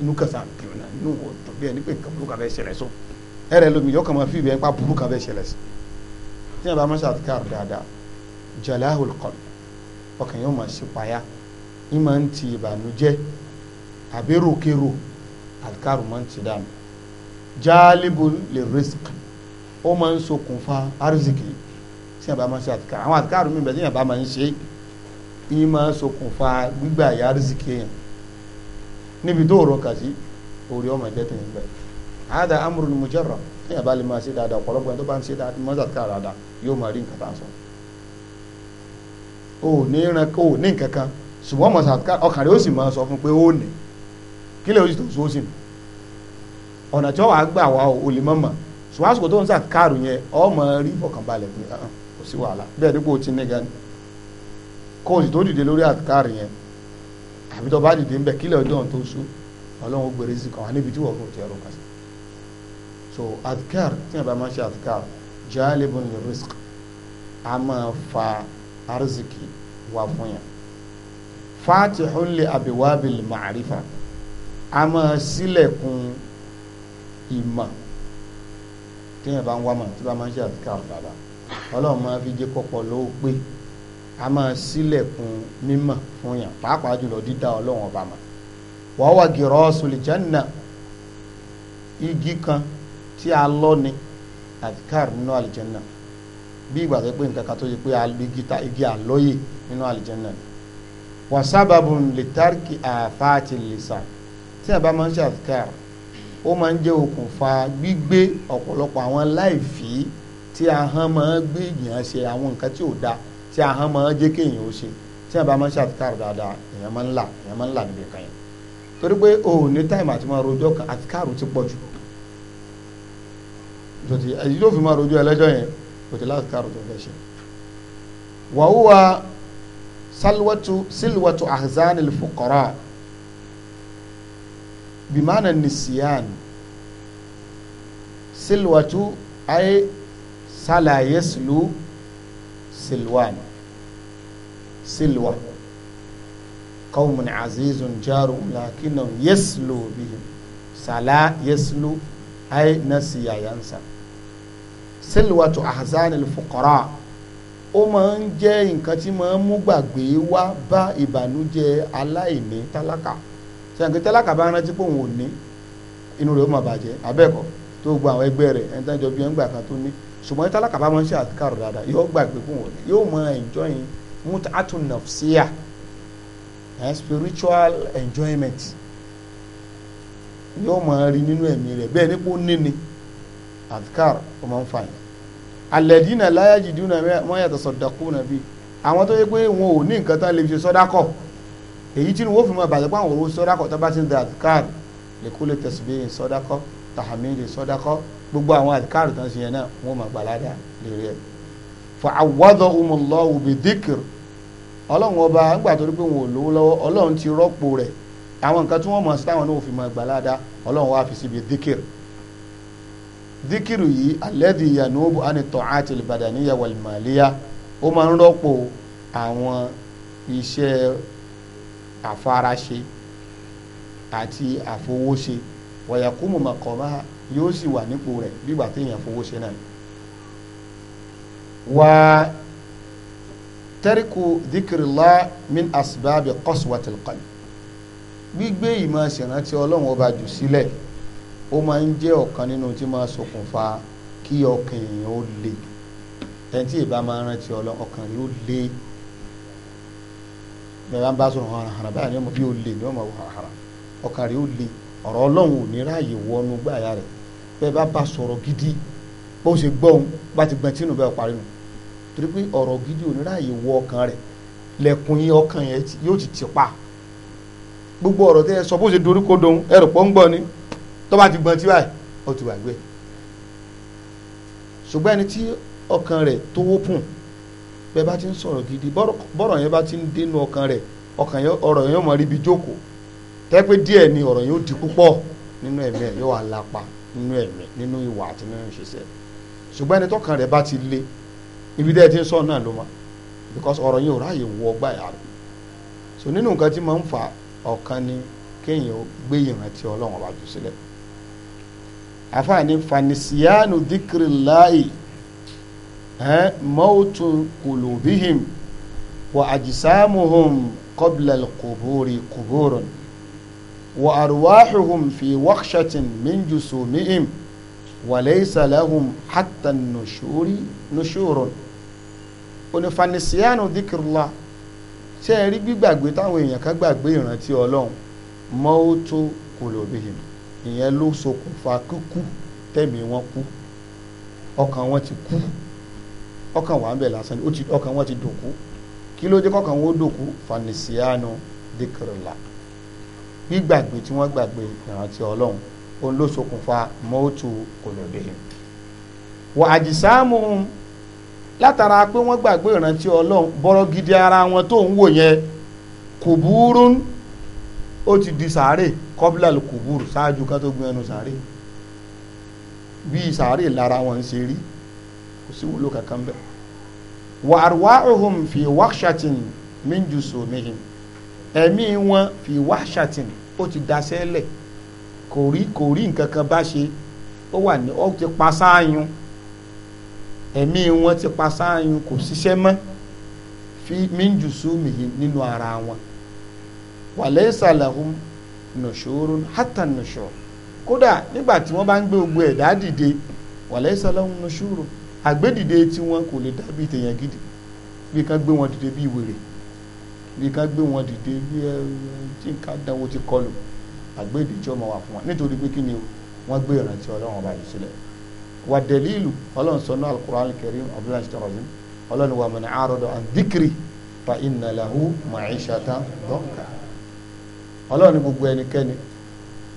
S1: inú kan sá bìrì náà inú wò dùn bí ẹni pé nǹkan burúkú abẹ́ ṣẹlẹ̀ sọ ẹrẹ lómi yọkàn máa fi ìbẹ́ pa burúkú abẹ́ ṣẹlẹ̀ sí tí yẹn bá máa ń ṣàtìkáàr dáadáa jalahul qalb ọkàn yóò máa ṣe payá ní máa ń ti ìbànújẹ́ àbérò kéro àtìkáàr máa ń ti dànù jálíbù lè rìsíkì ó máa ń ṣokùnfà arzikì tí yàrá máa ń ṣe àtìkà àwọn àtìkà àrùn mi bẹ̀ tí yàrá máa ń ṣe yìí máa ń ṣokùnfà gbígbà yà arzikì yẹn níbi tó rọ kà orí ọmọ ẹ̀jẹ̀ tẹ̀yìn bẹ̀ àdá amúrú ni mo jẹ́ rà tí yàrá lè máa ṣe dáadáa ọ̀pọ̀lọpọ̀ ẹni tó bá ń ṣe dáadáa mọ́ àtìkà dáadáa yóò máa rí nǹkan tá a sọ o ní ìran o ní nǹkan kan ṣùgbọ́n mọ̀ àtìkà ọkàn rẹ̀ ó sì máa sọ fún pé ó ní kílẹ̀ ó sì tó sóòsì ọ̀nà tí wọ́n wàá gbà wá o lè mọ̀ mọ̀ ṣùgbọ́n àsìkò tó ń sàkárù yẹn ọmọ rí fọkànbalẹ̀ pé ah, ah, kò sí wàhálà bẹ́ẹ̀ dípò tí ní gan kó o sì tó dìde lórí àkárù yẹn àbí tó bá dìde ń bẹ kílẹ̀ ọdún tó sú ọlọ́run gbèrè sí kan wà níbi tí wọ́n kò ti ẹ̀rọ kan so adkar tí yẹn bá máa ṣe adkar jalibun li rizq a máa fa arziki wá fún yẹn fatihun li abiwabil ma'rifa a máa ṣílẹ̀kùn ìmọ̀ téèyàn bá ń wá mọ̀ tí bá máa ń ṣe àdìkàr dáadáa ọlọ́run máa fi jẹ́ kọ́pọ̀ lówó pé a máa sílẹ̀kùn mímọ̀ fún yàn pàápàá jùlọ dídá ọlọ́run ọba mọ̀ wàá wà gírọ́ sùlìjánà igi kan tí a lọ́ ni àdìkàr nínú àlìjánà bí ìgbà tó pé nǹkan kan tó yẹ pé igi àlọ́yè nínú àlìjánà ni wà sábàbùn lè tárkì àfáàtì lè sàn tí a máa ń ṣe àdìkàr ó máa ń jẹ́ okùnfà gbígbé ọ̀pọ̀lọpọ̀ àwọn láìfí tí ahọ́n máa ń gbé èèyàn ṣe àwọn nǹkan tí ò da tí ahọ́n máa ń jẹ́ kéèyàn ó ṣe tí àbá máa ń ṣàtìkárò dáadáa èèyàn máa ń là èèyàn máa ń là níbi kan yẹn torí pé o ò ní táìmù àti máa rojọ́ kan àtìkárò ti pọ̀ jù tòtí èyí ló fi máa rojọ́ ẹlẹ́jọ́ yẹn tòtí láti kárò tó fẹ́ ṣe. wàhùwà salwatu silwatu ahzanil fuqara bimana nisiyan silwatu ay sala yaslu silwan silwa qaumun azizun jarum lakinnahum yaslu bihim sala yaslu ay nasiya yansa silwatu ahzanil fuqara ó máa ń jẹ́ nǹkan tí máa ń mú gbàgbé wá bá ìbànújẹ́ aláìní tálákà sẹ́yìnkì tálákà bá rántí pé òun ò ní inú rẹ̀ ó máa bàjẹ́ abẹ́ẹ̀kọ́ tó gbọ́ àwọn ẹgbẹ́ rẹ̀ ẹni tán jọ bí ẹ̀ńgbà kan tó ní ṣùgbọ́n tálákà bá máa ń ṣe àkàrò dáadáa yóò gbàgbé pé òun ò ní yóò máa enjoy mut'atun nafsiyah and spiritual enjoyment yóò máa rí nínú ẹ̀mí rẹ̀ bẹ́ẹ̀ nípò níní àkàrò ọmọ ń fa yẹn alladina la yajiduna ma yatasaddaquna bi àwọn tó yẹ pé wọn ò ní nǹkan tán lè èyí tí wọ́n fi mọ ìbàdàn pé àwọn owó sọ́dákọ̀ tó bá ti ń da àdìkáàrù lè kó lè tẹ̀síbí sọ́dákọ̀ tàhámídì sọ́dákọ̀ gbogbo àwọn àdìkáàrù tó ń ṣe yẹn náà wọ́n mọ̀ gbàládà lérí ẹ̀. fa àwọ̀dọ̀ umùlọ òbí dìkìr ọlọ́run ọba nígbà tó rí pé wọn ò lówó lọ́wọ́ ọlọ́run ti rọ́pò rẹ̀ àwọn nǹkan tí wọ́n mọ̀ sí táwọn náà fi mọ̀ gbàládà ọlọ́run àfaraṣe àti àfowóṣe wọ̀yàkùmù mọ̀kànmá yóò sì wà nípò rẹ̀ bígbà téèyàn fowóṣe náà. wà tẹ́ríkù díkìrìlá min asibábi kọ́sùwàtìlkan gbígbé ìmọ̀ ṣèrántí ọlọ́run ọba jù sílẹ̀ ó máa ń jẹ́ ọ̀kan nínú tí máa ṣokùnfà kí ọkàn èèyàn ó le ẹni tí ìbá máa rántí ọlọ́run ọkàn rẹ̀ le bẹ́ẹ̀ bá sọ̀rọ̀ hàn hàn báyìí ni ọmọ bí o lè ni ọmọ hàn hàn ọkàn rẹ̀ o lè ọ̀rọ̀ ọlọ́run ò ní ráàyè wọnú gbàyà rẹ̀ bẹ́ẹ̀ bá bá sọ̀rọ̀ gidi bó ṣe gbọ́n bá ti gbọ̀n tínú bẹ́ẹ̀ parí nu torí pé ọ̀rọ̀ gidi ò ní ráàyè wọ ọkàn rẹ̀ lẹ́kùn yín ọkàn yẹn yóò ti tì pa gbogbo ọ̀rọ̀ tẹ́ ẹ sọ bó ṣe dorúkọ dohun ẹrù pọ̀ ń gbọ́ ni tó bá ti gbọ́n tí báyìí ó ti wà gbé ṣùgbọ́n ẹni tí ọkàn rẹ̀ tó wópùn bẹ́ẹ̀ bá ti ń sọ̀rọ̀ gidi bọ́rọ̀ yẹn bá ti ń dénú ọkàn rẹ̀ ọkàn yẹn ọ̀rọ̀ yẹn mọ̀ ríbi jókòó tẹ́pẹ́ díẹ̀ ni ọ̀rọ̀ yẹn ó di púpọ̀ nínú ẹ̀mí ẹ̀ yóò wá lápa nínú ẹ̀mí nínú ìwà àti nínú ìṣiṣẹ́ ṣùgbọ́n ẹni tọ́kàn rẹ̀ bá ti le ibi dẹ́ẹ̀ ti ń sọ náà ló ma because ọ̀rọ̀ yẹn ò ráàyè wọ ọgbà yà rẹ̀ so nínú nǹkan tí máa ń fa ọ̀kan ni kéèyàn gbé ìrántí ọlọ́run ọba jù sílẹ̀ àfáàní fanisiyanu dikirilayi mawtun kulubihim wa ajisamuhum qabla al-quburi quburun wa arwahuhum fi wakshatin min jusumihim wa laysa lahum hatta nushuri nushurun onífanisiyanu dhikrillah ṣe é rí gbígbàgbé táwọn èèyàn kan gbàgbé ìrántí ọlọ́run mawtun kulubihim ìyẹn ló ṣokùnfà kíkú tẹ̀mí wọn kú ọkàn wọn ti kú. Mm -hmm ọkàn wà ń bẹ̀ lásán ó ti ọkàn wọn ti dòkú kí ló dé kọkàn wọn ó dòkú fanisiano dikirila gbígbàgbé tí wọ́n gbàgbé ìrántí ọlọ́run òun ló ṣokùnfà mọ́tò kòlòdè wà àjìsáàmù látara pé wọ́n gbàgbé ìrántí ọlọ́run bọ́rọ̀ gidi ara wọn tó ń wò yẹn kùbúrún ó ti di sàárè kọ́bílà kùbúrú ṣáájú ká tó gbé ẹnu sàárè bí sàárè lára wọn ń ṣe rí sí wúlò kankan bẹ́ẹ̀ wà arwa'uhum fi wáṣàtìn min jusumihim ẹ̀mí wọn fi wáṣàtìn ó ti daṣẹ́ lẹ̀ kò rí kò rí nǹkan kan bá ṣe ó wà ní ó ti pa sáàyùn ẹ̀mí wọn ti pa sáàyùn kò ṣiṣẹ́ mọ́ fi min jusumihim nínú ara wọn walaysa lahum nushurun hatta nushur kódà nígbà tí wọ́n bá ń gbé gbogbo ẹ̀dá dìde walaysa lahum nushurun àgbédìde tí wọn kò lè dàbí tèèyàn gidi bí kan gbé wọn dìde bí wèrè bí kan gbé wọn dìde bí ẹ tí nǹkan dánwò ti kọlù àgbédìjọ́ máa wà fún wọn nítorí pé kí ni o wọ́n gbé ìrántí ọlọ́run ọba yìí sílẹ̀ wà dẹ̀lílù ọlọ́run sọ náà alukur'an karim abdullahi sitarazi ọlọ́run wà mọ̀nà àròdọ̀ àdìkiri fa inna lahu ma'ishata dọ́ǹkà ọlọ́run gbogbo ẹnikẹ́ni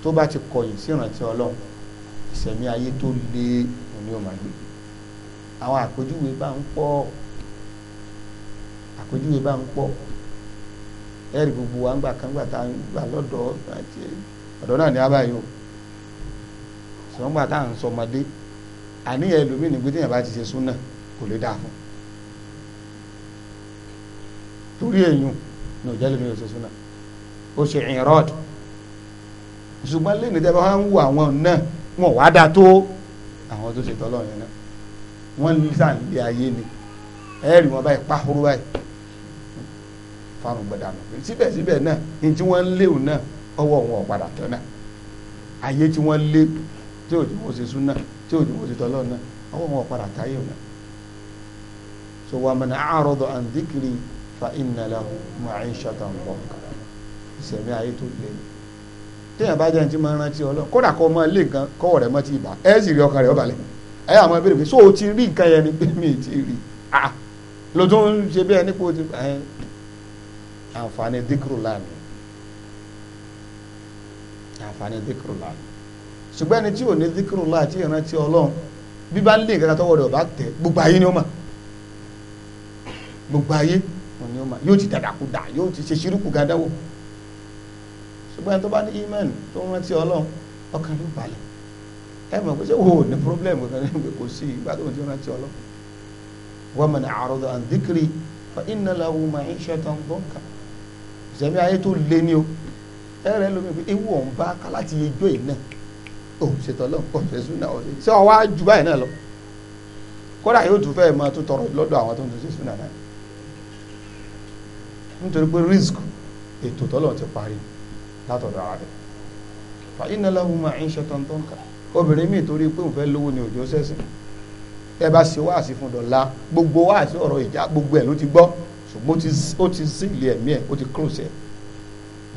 S1: tó bá ti kọ̀yìn sí ìrántí ọlọ́run ìsẹ̀mí ayé tó lé òní ò máa gbé àwọn àpèjúwe bá ń pọ̀ àpèjúwe bá ń pọ̀ ẹ̀rí gbogbo wa ń gbà kan gbà tá a ń gbà lọ́dọ̀ ọ̀dọ́ náà ní abáyé o sọ̀rọ̀gbà tá à ń sọmọdé àníyàn ẹlòmíì nígbé téèyàn bá ti ṣe súnà kò lè dáa fún torí èèyàn ní òjá lèmi ò ṣe súnà ó ṣe ìrọ́d ṣùgbọ́n lẹ́nu tẹ́ bá wà ń wo àwọn náà wọn wá dáa tó àwọn tó ṣe tọ́lọ́run náà wọ́n ní sàǹdí ayé ni ẹ̀ẹ́rì wọn báyìí pàhóró báyìí fáwọn gbọdánù síbẹ̀síbẹ̀ náà ní tí wọ́n ń léwu náà ọwọ́ wọn ò padà tẹ́ náà ayé tí wọ́n lé tí òjò wọ́n ṣe sún náà tí òjò wọ́n ṣe tọ́lọ́ náà ọwọ́ wọn ò padà táyé náà so wà mọ̀nà àárọ̀dọ̀ àǹdíkiri fa inna lahu ma'ishatan banka ìṣẹ̀mí ayé tó lé ní téèyàn bá jẹ́ ní máa rántí ọlọ́ kódà kọ́ ọmọ ẹ àwọn ẹbí rẹ pé so o ti rí nǹkan yẹn ni pé mi ti rí ah lo tó ń ṣe bẹ́ẹ̀ nípa o ti ẹ àǹfààní díkùrù láàmì àǹfààní díkùrù láàmì ṣùgbọ́n ẹni tí ò ní díkùrù láà tí ìrántí ọlọ́run bí bá ń lé nǹkan tọwọ́ rẹ̀ ọba tẹ gbogbo ayé ni ó mà gbogbo ayé ni ó mà yóò ti dàdàkú dà yóò ti ṣe ṣírùkù gàdáwò ṣùgbọ́n ẹni tó bá ní ímẹ́ẹ̀nì tó rántí ọlọ́run ọkàn ló balẹ̀ ẹ mọ̀ pé ṣé o ní problem kan ní kò sí ìgbà tó ń ti rántí ọlọ́ wa man a'rada an dhikri fa inna lahu ma'ishatan dhanka ìṣẹ̀mí ayé tó lé ní o ẹ rẹ lómi pé ewu ọ̀n bá ká láti ejó yìí náà o ṣètò ọlọ́run kò ṣe súnà ọ̀ṣẹ́ ṣé ọwọ́ á báyìí náà lọ kódà yóò tún fẹ́ẹ́ máa tún tọrọ lọ́dọ̀ àwọn tó ń tún ṣe súnà náà nítorí pé risk ètò tọ́lọ̀ ti parí látọ̀dọ̀ ara rẹ̀ fa inna lahu ma'ishatan dhanka obìnrin míì torí pé òun fẹ́ lówó ni òjò sẹ́sìn ẹ bá ṣe wáàsí fún dọ̀la gbogbo wáàsí ọ̀rọ̀ ìjà gbogbo ẹ̀ ló ti gbọ́ ṣùgbọ́n ó ti sí ilé ẹ̀mí ẹ̀ ó ti close ẹ̀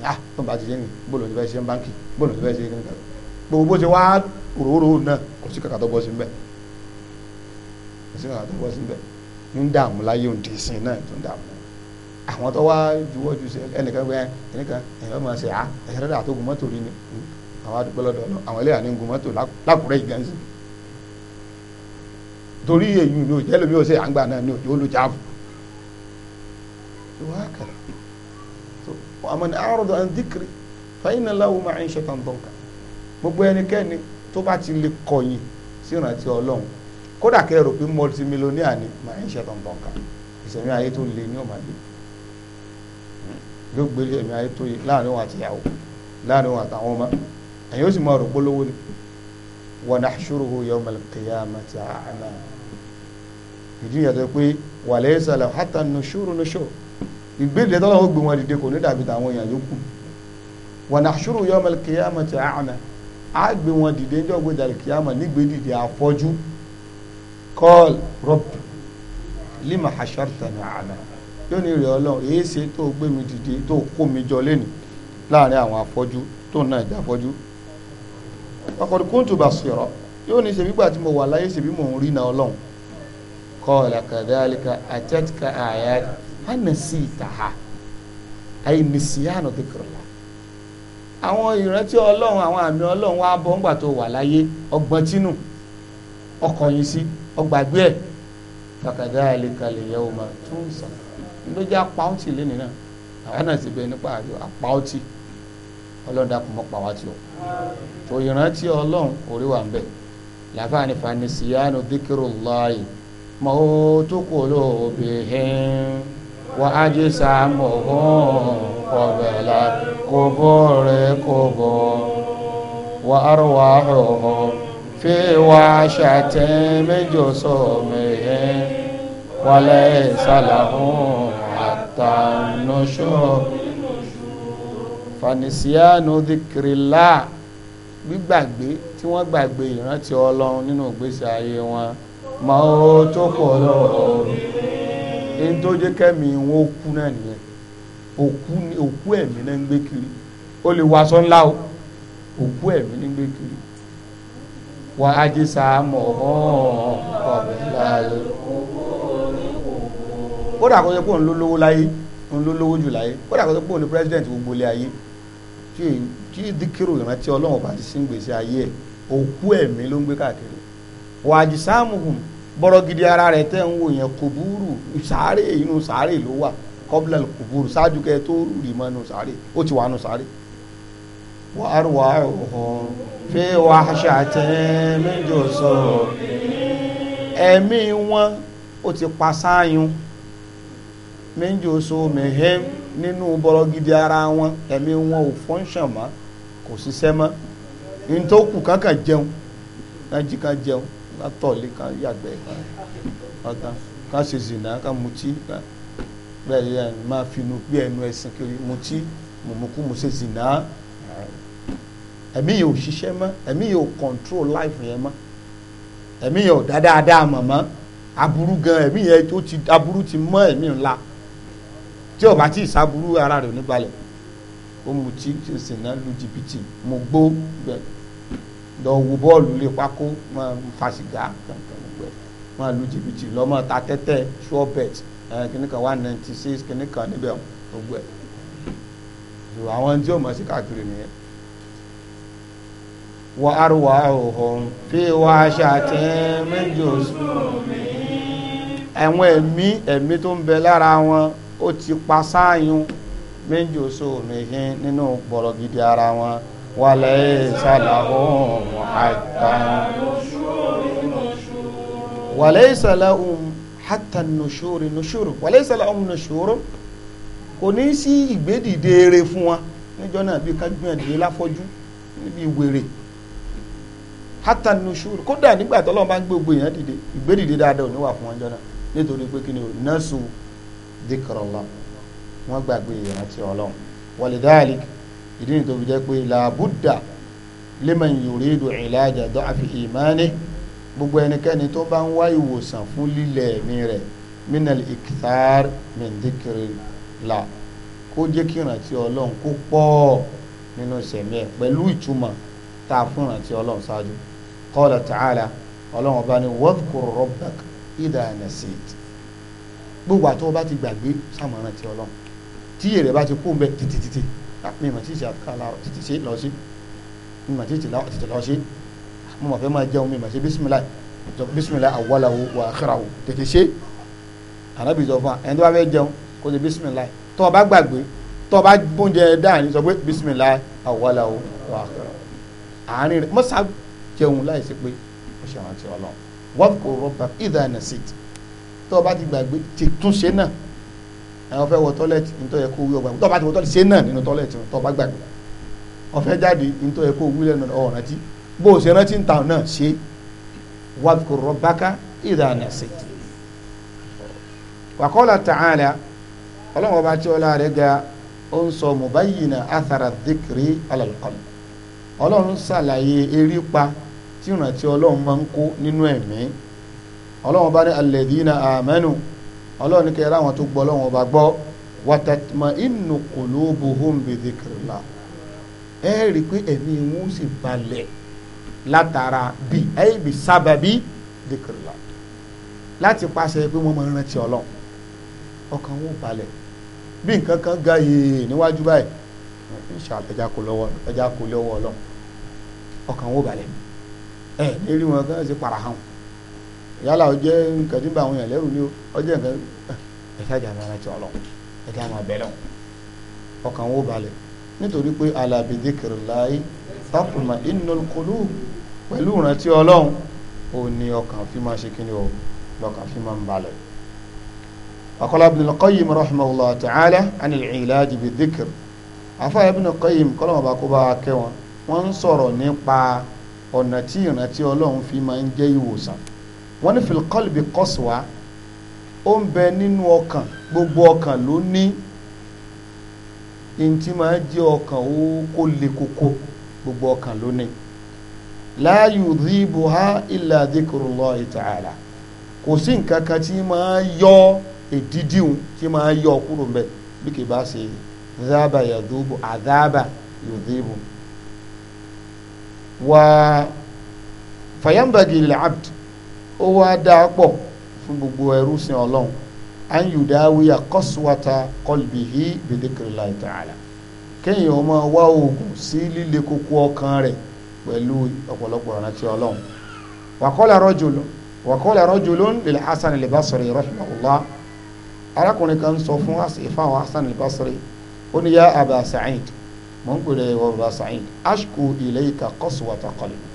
S1: ah tó ń bá ti ṣe ní bóòlù ti fẹ́ ṣe ń báńkì bóòlù ti fẹ́ ṣe kíni kan gbogbo bó ṣe wá òróró náà kò sí kàkà tó bọ́ sí ń bẹ̀ kò sí kàkà tó bọ́ sí ń bẹ̀ ń dààmú láyé òǹdè sí náà tó ń dààmú àwọn tó wá juwọ́ ju ẹnìkan gbẹ ẹnìkan ẹ̀yọ́ máa ṣe à ẹ̀yọ́ dà tó gun mọ́tò rí ni àwọn àdúgbò lọ́dọ̀ lọ àwọn eléyà ní gun mọ́tò lákùrẹ́ ìgànsì torí èyí ni òjẹ́ lómi ó ṣe àǹgbà náà ni òjò olùjáfù tó wá kàrà tó àmọ́ ní àròdọ̀ àti dìkìrì fàyínà láwù máa ń ṣẹ̀tàn dọ̀nkà gbogbo ẹnikẹ́ni tó bá ti lè kọ̀yìn sí ìrántí ọlọ́run kódà kẹ́ rò pé mọ́tìmílíọ̀nìà ni máa ń ṣẹ̀tàn dọ̀nkà ìsẹ̀mí ayé tó le ní ọ̀màdé yóò gbélé ẹ̀mí ayé tó yẹ láàrin òun àtìyàwó láàrin òun àtàwọn ọmọ ẹ̀yin ó sì máa rò polówó ni wa nahshuruhu yawmal qiyamati a'ma ìdí ìyàtọ̀ pé wa laysa lahu hatta nushuru nushur ìgbéde tọ́lọ́wọ́ gbé wọn dìde kò ní dàbí tàwọn èèyàn yòókù wa nahshuru yawmal qiyamati a'ma á gbé wọn dìde ní ọgbẹ́ dàlẹ́ kìyàmà nígbè dìde àfọ́jú qala rabb lima hashartani a'ma yóò ní ìrẹ̀ ọlọ́run èyí ṣe tó gbé mi dìde tó kó mi jọ lẹ́nu láàrin àwọn afọ́jú tó náà jẹ́ afọ́jú ọkọ̀dé kúntù sịrọ yóò ní ṣebí gbà tí mo wà láyé ṣebí mò ń rí náà ọlọ́run qala kadhalika atatka ayati fanasitaha ay nisyanu dhikrillah àwọn ìrántí ọlọ́run àwọn àmì ọlọ́run wa bọ́ ńgbà tó wà láyé ọgbọ́n tínú ọkọ̀ sí ọgbàgbé ẹ̀ pàọ́tì náà àwọn ọlọ́run dákun mọ́ pa wá tì ọ́ tó ìrántí ọlọ́run orí wa ń bẹ làbáni fanisiyanu dhikirullahi mautuqulubihin wa ajsamuhum qabla quburi qubur wa arwahuhum fi washatin min jusumihim wa laysa lahum hatta nushur fanisiyanu dikirila gbígbàgbé tí wọ́n gbàgbé ìrántí ọlọ́run nínú ìgbésí ayé wọn ma ó tó pọ̀ lọ́rọ̀ ẹni tó jẹ́ kẹ́mi wọn ó kú náà nìyẹn òkú ẹ̀mí náà ń gbé kiri ó lè wọ aṣọ ńlá o òkú ẹ̀mí ní gbé kiri wà á jí sàámọ̀ ọ̀bẹ̀ láàyè ó dà kó jẹ́ pé òun ló lówó láyé òun ló lówó jù láyé ó dà kó jẹ́ pé òun ni president gbogbo ilé ayé tí tí díkìrù ìrántí ọlọ́run bá ti síngbèsè ayé ẹ̀ òkú ẹ̀mí ló ń gbé káàkiri wàjú sáàmùhùn bọ́rọ̀ gidi ara rẹ̀ tẹ́ ń wò yẹn kòbúrú sàárè inú sàárè ló wà kọ́bílẹ̀ kòbúrú ṣáájú kẹ́ tó rì mọ́ inú sàárè ó ti wà inú sàárè. wàhálà ọ̀hún fi wàhásà tẹ́ méjì sọ̀rọ̀ ẹ̀mí wọn ó ti pa sáyún méjì sọ mẹ́hẹ́mù nínú bọ̀rọ̀ gidi ara wọn ẹ̀mí wọn ò fọ́nṣàn mọ́ kò ṣiṣẹ́ mọ́ ní tó kù kankan jẹun lájí kan jẹun látọ̀lé kan yàgbẹ́ kan kan ṣe zìnà kan mutí kan bẹ́ẹ̀ yẹn máa finú gbé ẹnu ẹ̀sìn kiri mutí mùmùkú mu ṣe zìnà ẹ̀mí yẹn ò ṣiṣẹ́ mọ́ ẹ̀mí yẹn ò control life yẹn mọ́ ẹ̀mí yẹn ò dáadáa mọ̀ mọ́ aburú gan ẹ̀mí yẹn tó ti aburú ti mọ́ ẹ̀mí ńlá tí o bá ti ìsaburú ara rẹ̀ oníbalẹ̀ ó mu tí tí sì náà lu jìbìtì mo gbó gbẹ lọ wo bọ́ọ̀lù lè pákó máa fa sìgá kankan gbẹ máa lu jìbìtì lọ́mọ ta tẹ́tẹ́ ṣọ́ọ̀bẹ̀t kìnnìkan one ninety six kìnnìkan níbẹ̀ gbogbo ẹ̀ àwọn tí o mọ̀ sí káàkiri nìyẹn wa arwahum fi washatin min juz ẹ̀wọ̀n ẹ̀mí ẹ̀mí tó ń bẹ lára wọn ó ti pa sáàyún méjì oṣù mìhín nínú gbọ̀rọ̀ gidi ara wọn wàlẹ̀ ìsàlàhùn àtà wàlẹ̀ ìsàlàhùn àtà nùṣúrù nùṣúrù wàlẹ̀ ìsàlàhùn nùṣúrù kò ní sí ìgbédìde eré fún wa níjọ́ náà bí ká gbìyànjú láfọ́jú níbi wèrè àtà nùṣúrù kódà nígbà tọ́lọ́ bá ń gbogbo èèyàn dìde ìgbédìde dáadáa ò ní wà fún wọn jọ náà nítorí pé kí ni o nọ́ọ̀sù dhikrullah wọ́n gbàgbé ìrántí ọlọ́run walidhalik ìdí nìyí tó fi jẹ́ pé làbúdà liman yuridu ìlàjà dọ́àfi ìmánì gbogbo ẹnikẹ́ni tó bá ń wá ìwòsàn fún lílẹ̀ ẹ̀mí rẹ̀ minal ikthar min dhikrillah kó jẹ́ kí ìrántí ọlọ́run kó pọ̀ nínú ìsẹ̀mí ẹ̀ pẹ̀lú ìtumọ̀ tá a fún ìrántí ọlọ́run ṣáájú qala ta'ala ọlọ́run ọba ni wadhkur rabbak idha nasit gbogbo àtọwọ́ bá ti gbàgbé sàmọ̀ràn ti ọlọ́run tí èrè bá ti kú bẹ títí títí mi mà títí àkàlà títí ṣe lọ sí mi mà títí lọ sí mo mà fẹ́ máa jẹun mi mà ṣe bisimilayi bisimilayi awalawo wa akarawo tètè ṣe ànábì sọ fún wa ẹni tó bá fẹ́ jẹun kó ṣe bisimilayi tó bá gbàgbé tó bá bóúnjẹ dáhùn sọ pé bisimilayi awalawo wa akarawo àárín rẹ mọ́sá jẹun láì ṣe pé ó ṣe àwọn àti ọlọ́run wọ́n kò rọ́bà ìdá ẹ̀ nà tó o bá ti gbàgbé ti tún ṣe náà àwọn fẹ́ wọ tọ́lẹ̀tì nítorí yẹ kó wí ọgbà tó o ti wọ tọ́lẹ̀tì ṣe náà nínú tọ́lẹ̀tì tó o gbàgbé o fẹ́ jáde nítorí yẹ kó lẹ́nu ọ̀rọ̀ rántí bó o ṣe rántí ta náà ṣe wadhkur rabbaka idha nasita wa qala ta'ala ọlọ́run ọba tí ọlá rẹ̀ ga ó ń sọ mubayyina athara dhikri ala al ọlọ́run ṣàlàyé erípa tí ìrántí ọlọ́run máa ń kó nínú ẹ̀mí ọlọ́run bá ní alladhina amanu ọlọ́run ní kẹrẹ àwọn tó gbọ́ ọlọ́run ọba gbọ́ watatma'innu qulubuhum bi dhikrillah ẹ rí i pé ẹ̀mí wọn sì balẹ̀ látara bí ẹ̀yìn bí sábàbí dhikrillah láti pàṣẹ pé wọ́n máa rántí ọlọ́run ọkàn wọn balẹ̀ bí nǹkan kan ga yèè níwájú báyìí ẹja kò lọ́wọ́ ọlọ́run ọkàn wọn balẹ̀ ẹ̀ lérí wọn kan ṣe para hàn yálà ó jẹ́ nǹkan tí bá àwọn èèyàn lẹ́rù ni ó ó jẹ́ nǹkan ẹ̀ ṣáàjà máa rántí ọlọ́run ẹ̀ ká máa bẹ̀ lọ́wọ́ ọkàn wo balẹ̀ nítorí pé ala bi dhikrillahi tatma innul qulub pẹ̀lú ìrántí ọlọ́run ó ní ọkàn fi máa ṣe kíni o lọ́kàn fi máa ń balẹ̀. akọ́lá ibn al-qayyim rahimahullah ta'ala anil ilaj bi dhikr afa ibn al-qayyim kọ́lọ́mọ bá kó bá wa kẹ́ wọn wọ́n ń sọ̀rọ̀ nípa ọ̀nà tí ìrántí ọlọ́run fi máa ń jẹ́ ìwòsàn wọ́n ní filkọ́lìbì kọ́sùwá ó ń bẹ nínú ọkàn gbogbo ọkàn ló ní ntí máa jẹ́ ọkàn ó kó le koko gbogbo ọkàn ló ní láàyò dìbò ha ilà dhikrullahi ta'ala kò sí nǹkan kan tí máa yọ èdídìhun tí máa yọ kúrò mbẹ bí kì bá ṣe dábà yàdúbò àdábà yòdìbò wà fàyàmbàgì làbd ó wá dáa pọ̀ fún gbogbo ẹrú sin ọlọ́run an yudawiya qaswata qalbihi bi dhikrillahi ta'ala kéèyàn máa wá oògùn sí líle koko ọkàn rẹ̀ pẹ̀lú ọ̀pọ̀lọpọ̀ ìrántí ọlọ́run wàkọ́lá rajul wàkọ́lá rajulun lil hasan al-basri arákùnrin kan sọ fún ìfáwọn hasan al ó ní yá abba sa'id mọ̀ ń pèrè wọ́n abba sa'id ashku ilayka qaswata qalbi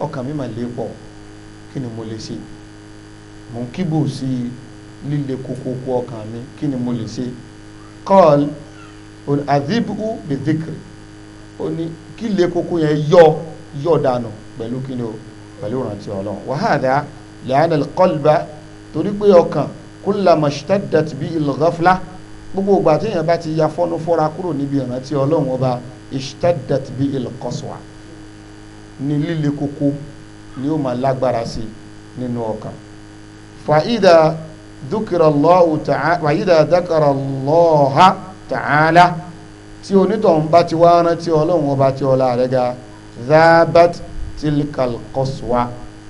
S1: ọkàn mi mà lè pọ̀ kí ni mo lè ṣe mò ń kíbò sí líle kókókó ọkàn mi kí ni mo lè ṣe kọ́ọ̀lù azibu bizikiri ó ní kí lè kókó yẹn yọ yọ dànù pẹ̀lú kí ni o pẹ̀lú ìrántí ọlọ́run wàhálà lẹ́yìn alqalba torí pé ọkàn kullama shtaddat bí al-ghafla gbogbo ìgbà tí èèyàn bá ti ya fọ́nú fọ́ra kúrò níbi ìrántí ọlọ́run ọba ishtaddat bí al-qaswa ní líle Koko ni ó máa lágbára sí nínú ọkàn fàídà dúkìrọ̀lọ́hù ta'ala fàídà dákàrọ̀lọ́ha ta'ala tí onítọ̀hún bá ti wá rántí ọlọ́run ọba tí ọlá rẹ̀ ga zabat tilkal qaswa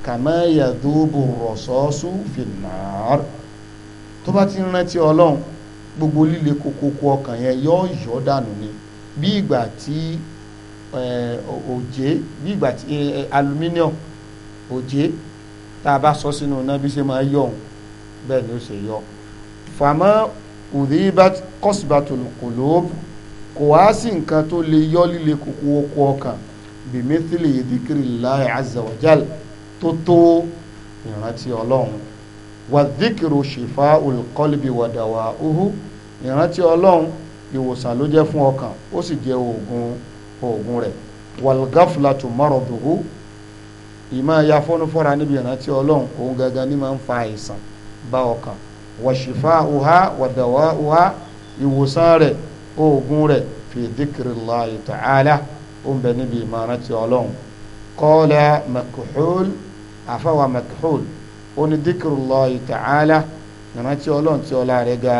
S1: kàmá yadhubu rọ̀sọ́sù finnar tó bá ti rántí ọlọ́run gbogbo líle kokoko ọkàn yẹn yọ yọ dànù ni bí ìgbà tí òjé bí ìgbà tí aluminium òjé tá a bá sọ sínú iná bí ṣe máa yọ òun bẹ́ẹ̀ ni ó ṣe yọ fàmọ́ udhibat qasbatul qulub kò wá sí nǹkan tó lè yọ líle kókó okó ọkàn bimithili dhikrillahi azza wa jal tó tó ìrántí ọlọ́run wàdíkìrò ṣèfà olùkọ́lùbí wàdàwà uhu ìrántí ọlọ́run ìwòsàn ló jẹ́ fún ọkàn ó sì jẹ́ oògùn oògùn rẹ̀ wàlgáfìlà tó mọ́rọ̀ dùhú ìmọ̀ ya fọ́nú fọ́ra níbi ìrántí ọlọ́run òun gangan ní máa ń fa àìsàn bá ọkàn wàṣífà uha wàdàwà uha ìwòsàn rẹ̀ oògùn rẹ̀ fi dhikrillahi ta'ala ó ń bẹ níbi ìmọ̀ ìrántí ọlọ́run qala makhul àfàwà makhul ó ní dhikrillahi ta'ala ìrántí ọlọ́run tí ọlá rẹ̀ ga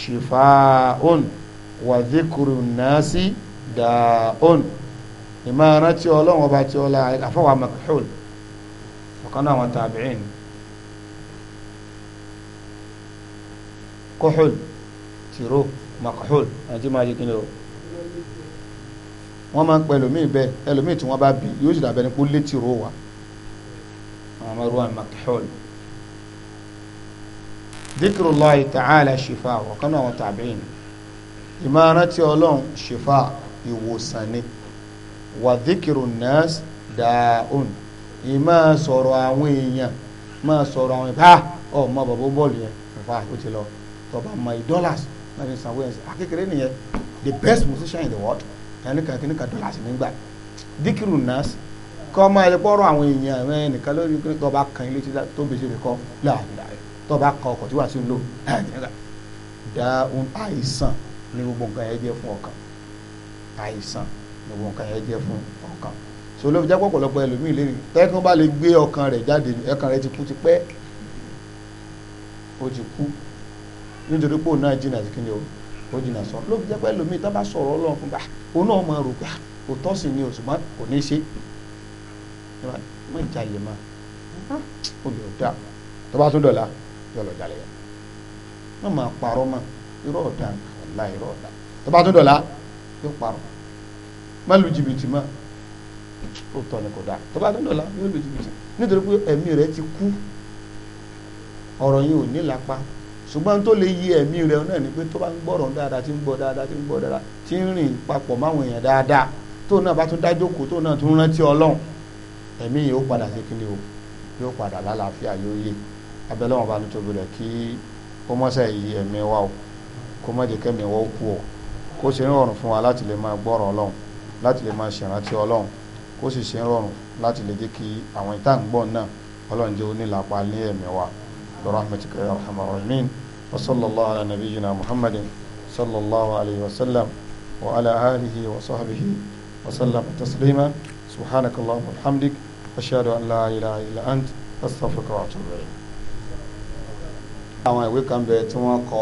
S1: shifaun wà dhikrun nasi da'un ìmọ̀ ìrántí ọlọ́run ọba tí ọlá àfàwà makhul ọ̀kan náà كحول tàbíìn kóhùl tìró makhul àti máa jẹ kí ni o wọ́n máa ń pẹ́ ẹlòmíì bẹ́ẹ̀ ẹlòmíì tí wọ́n bá bí yóò sì dàbẹ́ ni kó lé tìró wa àwọn ọmọ ruwan makhul dhikrullahi ta'ala shifa ọ̀kan náà àwọn tàbíìn ìmáràtí ọlọ́run shifa ìwòsàn ni wà dhikru nas da'un ìmọ̀ sọ̀rọ̀ àwọn èèyàn máa sọ̀rọ̀ àwọn ìpá ah, ọmọ bàbá bọ́ọ̀lù yẹn ìfà ó ti lọ tọba mọ i dollars náà ní sanwó yẹn akékeré ah, nìyẹn the best musician in the world ẹni kan kíní ka dollars nígbà dikiru nurse kọ́ ọmọ ẹ̀ pọ́rọ̀ àwọn èèyàn ẹ̀ nìkan lórí kíní kọ́ bá kan ilé títà tó bèsè nìkan láàbìláì tọba kan ọkọ̀ tí wàá sí ń lò dá àìsàn ní gbogbo nǹkan ẹ̀ jẹ́ fún ọkàn àìsàn ní gbogbo nǹkan ẹ̀ jẹ́ fún ọkàn so ló fi jẹ́ pọ̀pọ̀lọpọ̀ ẹlòmíì lé tẹ́kàn bá lè gbé ọkàn rẹ̀ jáde ọkàn rẹ̀ ti kú ti pẹ́ ó ti kú nítorí pé òun náà jìnnà sí kíni o ó jìnnà sọ ló fi jẹ́ pé ẹlòmíì tá bá sọ̀rọ̀ ọlọ́run fún gbà ah, òun náà máa rò gbà kò ah, tọ́ sí ni o ṣùgbọ́n kò ní ṣe wọ́n ìjà yẹ̀ máa ah, olè ọ̀dà tó bá tún dọ̀la yọ lọ jalè yẹn wọ́n máa parọ́ mọ́ irọ́ ọ̀dà ọ̀la irọ́ ọ̀dà tó bá tún dọ̀la yóò parọ́ má lu jìbìtì mọ́ ó tọ́ ni kò dáa tó bá dọ́dọ̀ la yóò lè jìbìtì nítorí pé ẹ̀mí rẹ̀ ti kú ọ̀rọ̀ yìí ò ní lápá ṣùgbọ́n tó lè yí ẹ̀mí rẹ̀ náà ni pé tó bá ń gbọ́rọ̀ dáadáa tí ń gbọ́ dáadáa tí ń gbọ́ dáadáa tí ń rìn papọ̀ máwọn èèyàn dáadáa tó náà bá tún dájókòó tó náà tún rántí ọlọ́run ẹ̀mí yìí ó padà sí kíni o yóò padà lálàáfíà yóò yé abẹ́lẹ́ wọn bá ní tóbi rẹ̀ kí ó mọ́sẹ̀ kó sì ṣe rọrùn láti lè jẹ́ kí àwọn ìta ń gbọ́n náà ọlọ́run jẹ́ onílàpá ní ẹ̀mí wa bi rahmatika ya arhamar rahimin wa sallallahu ala nabiyyina muhammadin sallallahu alayhi wa sallam wa ala alihi wa sahbihi wa sallam taslima subhanakallahu wa hamdik ashhadu an la ilaha illa ant astaghfiruka wa atubu ilayk àwọn ìwé kan bẹ tí wọ́n kọ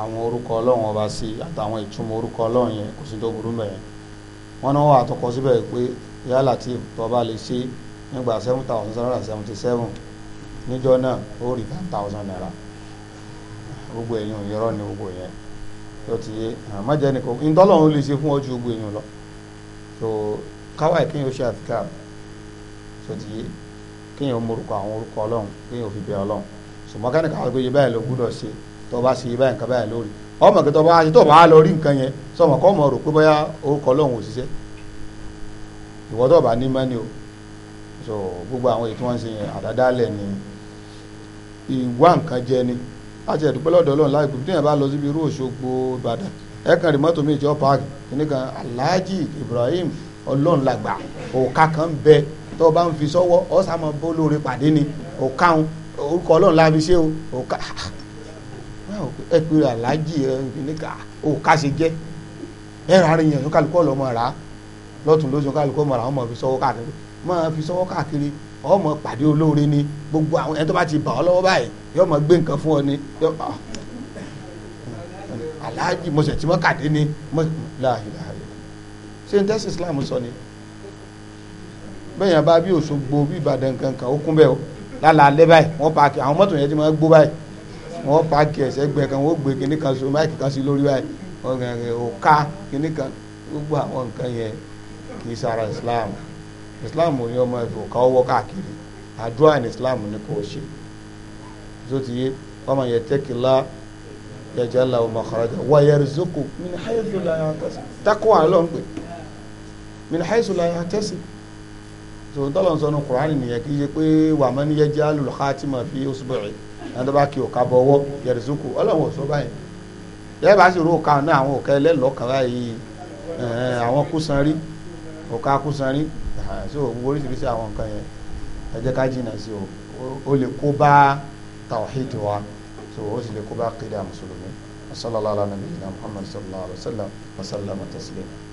S1: àwọn orúkọ ọlọ́run ọba sí àtàwọn ìtumọ̀ orúkọ ọlọ́run yẹn kò sí tó burú mẹ́rin náà wà àtọkọ pé yá Latif tó bá lè ṣe nígbà seven thousand seven hundred seventy seven níjọ́ náà ó rí ten thousand naira gbogbo èèyàn irọ́ ni gbogbo yẹn tó ti yé àmọ́jẹ́ ni kò ntọ́lọ́run lè ṣe fún ọ ju gbogbo èèyàn lọ tó káwá ẹ̀ kéèyàn ṣe àfikà tó ti yé kéèyàn morúkọ àwọn orúkọ ọlọ́run kéèyàn fi bẹ ọlọ́run ṣùgbọ́n kẹ́ni káwọn gbé yẹ báyìí ló gbúdọ̀ ṣe tó bá ṣe yẹ báyìí nǹkan báyìí lórí ọmọ kí bá ṣe tó bá lọ rí nǹkan yẹn sọmọ mọ̀ rò pé bóyá orúkọ ọlọ́run ò ṣiṣẹ́ ìwọ tó bá ní mọ́ni o so gbogbo àwọn èyí tí wọ́n ń ṣe àdádálẹ̀ ni ìwà nǹkan jẹ ni láti ẹ̀dùpẹ́ lọ́dọ̀ ọlọ́run láì pé tíyẹn bá lọ síbi irú Òṣogbo Ìbàdàn ẹ̀kan rí mọ́tò méjì ọ̀ páàkì kìnnìkan Alhaji Ibrahim ọlọ́run làgbà òka kan bẹ tó bá ń fi sọ́wọ́ ọ̀sàmọ́ bó lóore pàdé ni òka ń orúkọ ọlọ́run láfi ṣe o òka ẹ pé Alhaji ẹ kìnnìkan òka ṣe jẹ ẹ rà yẹn tó kálukọ́ rà á lọ́tún lóṣù kálukú mọ̀ra ọmọ fi sọ́wọ́ káàkiri máa fi sọ́wọ́ káàkiri ọmọ pàdé olóore ni gbogbo àwọn ẹni tó bá ti bà ọ́ lọ́wọ́ báyìí yóò máa gbé nǹkan fún ọ ni ah, aláàjì mo ṣẹ̀ tí wọ́n kàdé ni láàyè ṣé n tẹ́sí Islam sọ ni bẹ́ẹ̀ yẹn bá bí Òṣogbo bí Ìbàdàn kankan ó kún bẹ́ẹ̀ o lálẹ́ báyìí wọ́n paaki àwọn mọ́tò yẹn ti máa gbó báyìí wọ́n paaki ẹ̀sẹ̀ gbẹ kan wọ́n gbé kinní kan so máìkì kan kì sara islam islam ní ọmọ ẹ̀fọ́ káwọ́ káàkiri àdúrà ní islam ní kò ṣe tó ti yé wọ́n máa yẹ tẹ́kìlá yẹjẹ́ la ọmọ àkàràjà wáyẹ̀rì zoko min haythu la yahtasib tákùwà ló ń pè min haythu la yahtasib tòun tọ́lọ̀ ń sọnu kùránì nìyẹn kì í ṣe pé wà mọ́ ní yẹjẹ́ alùlùkátìmọ̀ fi usbu'i náà tó bá kí òkà bọ̀wọ́ yẹ̀rì zoko ọlọ́wọ́ sọ báyìí yẹ́n bá sì rú òkà náà àwọn òkà ẹlẹ́lọ́kàrà yìí àwọn kúsan rí o ká kú sanrí so gbogbo oríṣiríṣi àwọn nǹkan yẹn ẹ jẹ́ ká jìnnà sí o o lè kó bá tawhid wa so ó sì lè kó bá kéde àmùsùlùmí sallallahu wa sallam muhammad sallallahu wa sallam wa sallam